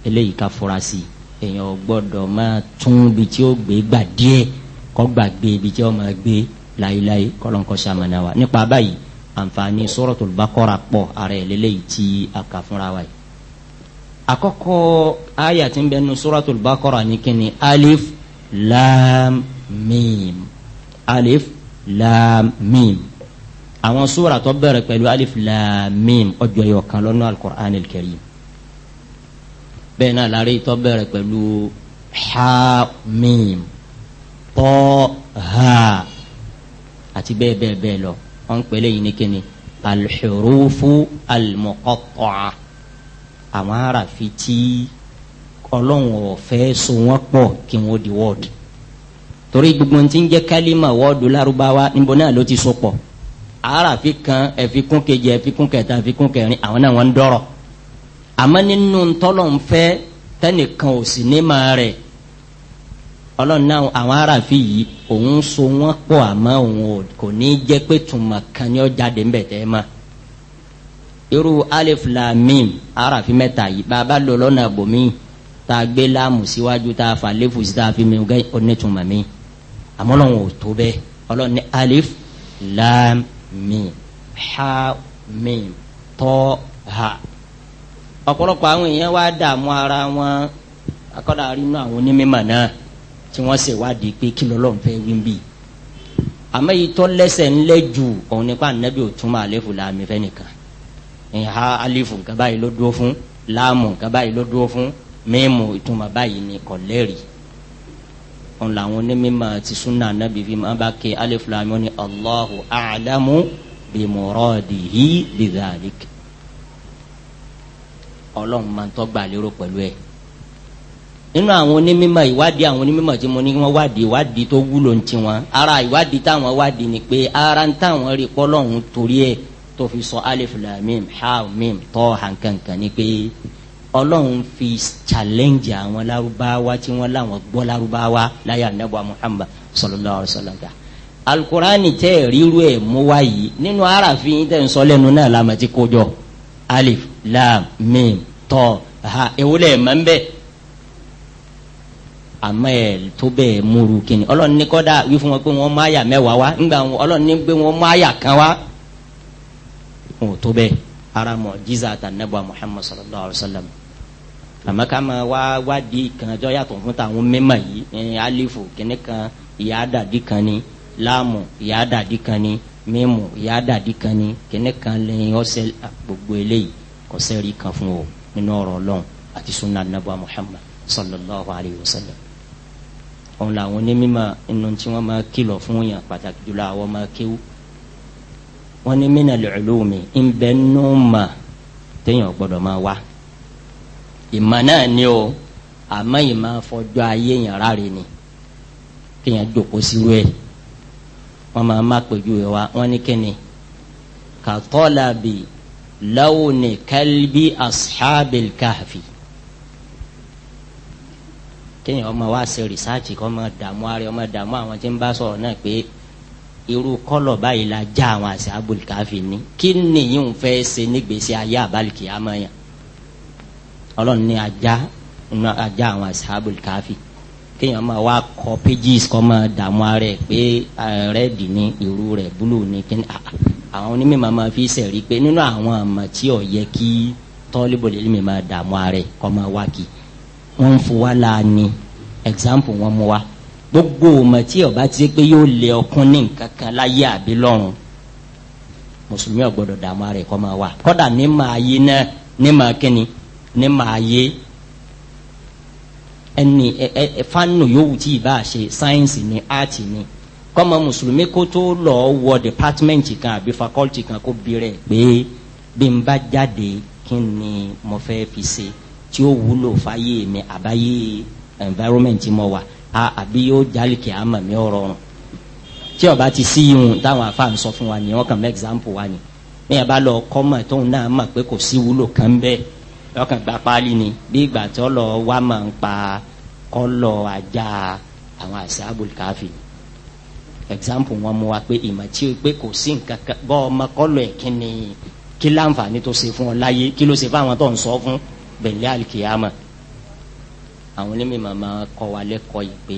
eléyìí ká fura sí i èèyàn gbọ́dọ̀ máa tún ibi tí ó gbé gbà díẹ̀ kó gbàgbé ibi tí ó máa gbé láíláí kọ́lọ́nkọ́ sàmánà wa nípa báyìí àǹfààní suratul Baqara pọ̀ ara ẹ̀ lélẹ́yìí tí a kà fúnra wa yìí. àkọ́kọ́ àyà tí ń bẹ nu suratul Baqara ní kíni alif lam mim alif lam mim àwọn sura tó bẹ̀rẹ̀ pẹ̀lú alif lam mim ọjọ́ yóò kan lọ́nà al-Qur'an al-Karim bẹ́ẹ̀ náà láàrin tó bẹ̀rẹ̀ pẹ̀lú ha mim tọ́ ha àti bẹ́ẹ̀ bẹ́ẹ̀ bẹ́ẹ̀ lọ wọ́n ń pè léyìn ní kíni alḥurufu almuqatta'a àwọn arafi tí ọlọ́run ọ̀fẹ́ so wọ́n pọ̀ kí wọ́n di wọ́ọ̀dù torí gbogbo ti ń jẹ́ kálímà wọ́ọ̀dù lárúbáwá níbo náà ló ti so pọ̀ arafi kan ẹ̀fikún kejì ẹ̀fikún kẹta ẹ̀fikún kẹrin àwọn náà wọ́n ń dọ̀rọ̀ àmọ́ nínú ntọ́lọ́nfẹ́ tẹ́nìkan ò sì ní máa rẹ̀ ọlọ́run náà àwọn aráàfin yìí òun so wọ́n pọ̀ àmọ́ òun kò ní jẹ́ pé tùmọ̀ kan ni ó jáde ń bẹ̀ tẹ́ ẹ ma irú alif lam mim aráàfin mẹ́ta yìí bàbá lò lọ́nà àbòmí tá a gbé láàmù síwájú tá a fà lẹ́fù sí tá a fi mi gẹ́ onítùmọ̀ mi àmọ́ ọlọ́run ò tó bẹ́ẹ̀ ọlọ́run ní alif lam mim ha mim tọ́ ha ọ̀pọ̀lọpọ̀ àwọn èèyàn wá dààmú ara wọn akọ́dà rí àwọn onímọ̀ náà tí wọ́n ṣe wádìí pé kí lọ́lọ́run fẹ́ wí bí. àmọ́ yìí tọ́ lẹ́sẹ̀ ńlẹ́ ju òun nípa ànábì òtúmọ̀ àléfù láàmì fẹ́ nìkan ìhà àléfù nǹkan báyìí ló dúró fún láàmù nǹkan báyìí ló dúró fún mímu ìtumọ̀ báyìí ni kò lẹ́rìí òun làwọn onímọ̀ ti súnà ànábì fi máa bá ké àléfù láàmì ó ní Allahu a'lamu bimuradihi bidhalik ọlọ́run máa ń tọ́gbà lérò pẹ̀lú ẹ̀ nínú àwọn onímọ̀ ìwádìí àwọn onímọ̀ tí mo ní wọ́n wádìí ìwádìí tó wúlò ń ti wọn ara ìwádìí táwọn wádìí ni pé ara ń táwọn rí pọ́lọ́hún torí ẹ̀ tó fi sọ alif lam mim ha mim tọ́ hankankan ni pé ọlọ́run fi challenge àwọn larubawa tí wọ́n láwọn gbọ́ larubawa láyà nebo muhammad sallallahu alayhi wa sallam ta alukurani tẹ ríru ẹ mú wá yìí nínú ara fi tẹ ń sọ lẹ́nu náà lamẹ ti kó tọ́ ha ewúlẹ̀ mọ́ ń bẹ́ẹ̀ àmọ́ ẹ̀ tó bẹ́ẹ̀ múru kíni ọlọ́run ní kọ́dà wí fún wọn pé wọ́n máa yà mẹ́wàá wá ńgbà wọn ọlọ́run ní pé wọ́n máa yà kan wá. wọn ò tó bẹ́ẹ̀ ara mọ̀ jíza àtànẹ́bọ̀ Muhammad sallallahu alayhi wa sallam àmọ́ ká máa wá wádìí ìkànnìjọ́ yàtọ̀ fún tàwọn mímọ̀ yìí alifu kíní kan ìyá dàdí kan ni láàmù ìyá dàdí kan ni mímù ìyá dàdí kan ni kíní kan lẹ́yìn ọ̀sẹ̀ gbogbo eléyìí kọ́sẹ́rì kan fún Muhammad sallallahu alayhi wa sallam òun làwọn onímọ̀ inú tí wọ́n máa kìlọ̀ fún yàn pàtàkì jùlọ àwọn máa kéwú wọ́n ní mina lẹ́ẹ̀lómi ń bẹ nù mà téèyàn gbọ́dọ̀ máa wá ìmọ̀ náà ni o àmọ́ ìmọ̀ afọjọ́ ayé yàn ráre ni kéèyàn jókòó síwú ẹ̀ wọ́n máa má pèjú ẹ̀ wá wọ́n ní kíni kàtọ́lá bíi lawni kalbi ashabil kéèyàn ọmọ wa ṣe rìsáàcì kọ́ ọmọ dààmú ara ọmọ dààmú àwọn tí ń bá sọ̀rọ̀ náà pé irú kọ́lọ̀ báyìí la já àwọn àṣà abúlùkáfì ní kí nìyí ń fẹ́ ṣe nígbèsè ayé àbálùkì àmọ́yàn ọlọ́run ní ajá ajá àwọn àṣà abúlùkáfì kéèyàn máa wá kọ pages kọ́ máa dààmú ara ẹ̀ pé rẹ́ẹ̀dì ní irú rẹ̀ búlù ní kíni àwọn onímọ̀ máa fi sẹ̀rí pé nínú àwọn àmọ̀ tí ò kí tọ́lébọ̀lẹ́lẹ́mì wọ́n fún wa láàánú example wọn mú wa gbogbo ọmọ tí ọba ti ṣe pé yóò lé ọkùn ní nǹkan kan láyé àbí lọ́run mùsùlùmí ọ̀gbọ́dọ̀ dààmú ara ẹ̀kọ́ máa wà kọ́dà ní máa yé náà ní máa kíni ní máa yé ẹni ẹ ẹ fánù yòówù tí ìbá ṣe sáyẹ́nsì ni áàtì ni kọ́mọ mùsùlùmí kó tó lọ wọ dìpátímẹ́ǹtì kan àbí fakọ́lítì kan kó bí rẹ̀ pé bí n bá jáde kí ni mo fẹ́ fi ṣe tí ó wúlò fáyé mi àbáyé environment mo wà a àbí yóò jálìkì àmọ̀ mi ọ̀rọ̀ ọ̀rùn tí ọba ti sí ihun táwọn afa sọ fún wa ni wọn kàn mọ example wa ni bí yẹn bá lọ kọ́ mọ̀ tóun náà mọ̀ pé kò sí wúlò kan bẹ́ẹ̀ lọ́kàn gba páálí ni bí ìgbà tó lọ wá mọ̀ ń pa kọ́lọ̀ ajá àwọn àṣàbùl káfí example wọn mú wa pé ìmọ̀ tí pé kò sí nǹkan kan bọ́ ọmọ kọ́lọ̀ ẹ̀ ni kí láǹfààní tó ṣe fún ọ láyé kí ló ṣe fún àwọn tó ń sọ fún bẹ̀lẹ́ alikiyama àwọn onímọ̀ máa kọ́ wa lẹ́kọ̀ọ́ yìí pé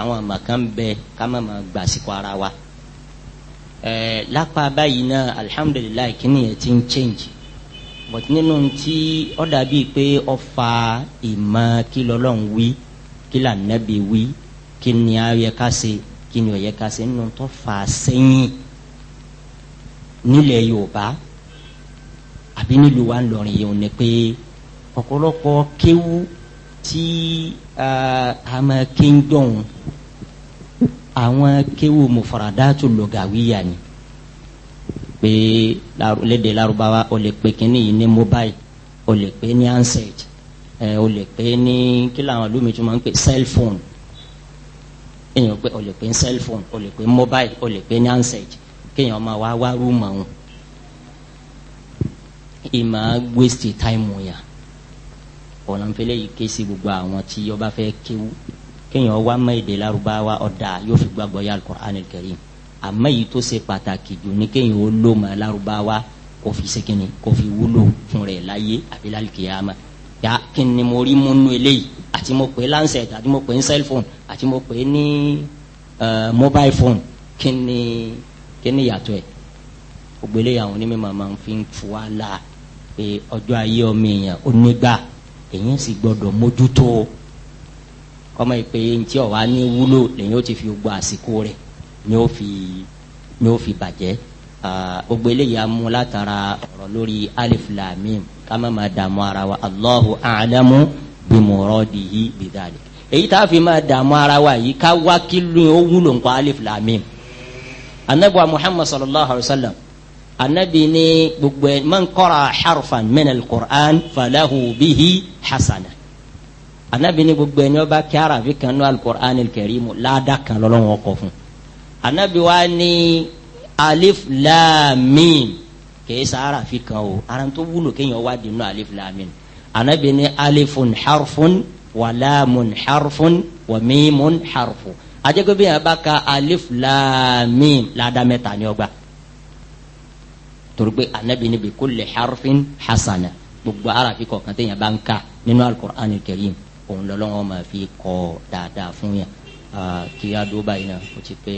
àwọn àmàkàn bẹ ká má máa gbàsíkọ ara wa ẹẹ lápá báyìí náà alihamudulilayi kíni yẹn ti ń change but nínú ti ọ dàbí pé ọ fa ìmọ̀ kí lọ́lọ́run wí kí là nẹ́bi wí kí ni a yẹ ká ṣe kí ni ò yẹ ká ṣe nínú tó fa sẹ́yìn nílẹ̀ Yorùbá àbí nílùú wa ń lọrin yìí ò ní pé ọ̀pọ̀lọpọ̀ kéwú tí àmọ́ kéńdọ̀n àwọn kéwú mufaradatu lugawiya ni pé lédè larubawa o lè pe kínní yìí ní mobile o lè pe ní handset ẹ o lè pe ní kí làwọn lómi tó máa ń pè cell phone èèyàn pé o lè pe ní cell phone o lè pe mobile o lè pe ní handset kéèyàn máa wá wá rúmọ̀ ọ̀hún ìmọ̀ waste time yàn ọ̀nàfẹ́lẹ́ yìí ké sí gbogbo àwọn tí ọba fẹ́ kéwú kéèyàn wá mọ èdè Lárúbáwá ọ̀dà yóò fi gbàgbọ́ yá al-Qur'an al-Karim àmọ́ èyí tó ṣe pàtàkì jù ní kéèyàn ó lò mọ́ Lárúbáwá kó fi ṣe kínní kó fi wúlò fún rẹ̀ láyé àbí lálùkìyàmá yá kí ni mo rí mú nú eléyìí àti mo pè é lancet àti mo pè é cellphone àti mo pè é ní mobile phone kí ni kí ni yàtọ̀ ẹ̀ ògbélé àwọn onímọ̀ máa ń fi fún wa la pé ọjọ́ ayé ọmọ èèyàn ó nígbà èyí sì gbọ́dọ̀ mójútó ọmọ ìpè ntí ọ̀wá ní wúlò lèyìn ó ti fi gbọ́ àsìkò rẹ̀ ni ó fi ni ó fi bàjẹ́ gbogbo eléyìí amú látara ọ̀rọ̀ lórí alif lam mim ká má má dààmú ara wa Allahu a'lamu bimuradihi bidhalik èyí tá a fi máa dààmú ara wa yìí ká wá kí lóyún ó wúlò nǹkan alif lam Muhammad sallallahu alayhi wa sallam anabi ní gbogbo ẹ man qara harfan min al-Qur'an falahu bihi hasana anabi ní gbogbo ẹ ní ọba kí arabi kan ní al-Qur'an al-Karim laada kan lọ́lọ́wọ́ kọ fún anabi wa ní alif lam mim kìí sahara fi kan o aranto wúlò kéèyàn wá di nù alif lam mim anabi ní alifun harfun wa lamun harfun wa mimun harfun ajẹ́gbẹ́ bí ka alif lam mim laada mẹ́ta ní ọgbà. La torí pé anabi ni bi kulli harfin hasana gbogbo arafi kọ̀ọ̀kan tẹ̀yìn bá ń kà nínú alukur'an karim òun lọ́lọ́wọ́ máa fi kọ́ dáadáa fún yàn kí a dúró báyìí náà o ti pé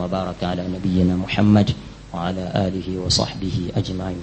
wa baraka ala nabiyyina muhammad wa ala alihi wa sahbihi ajma'in.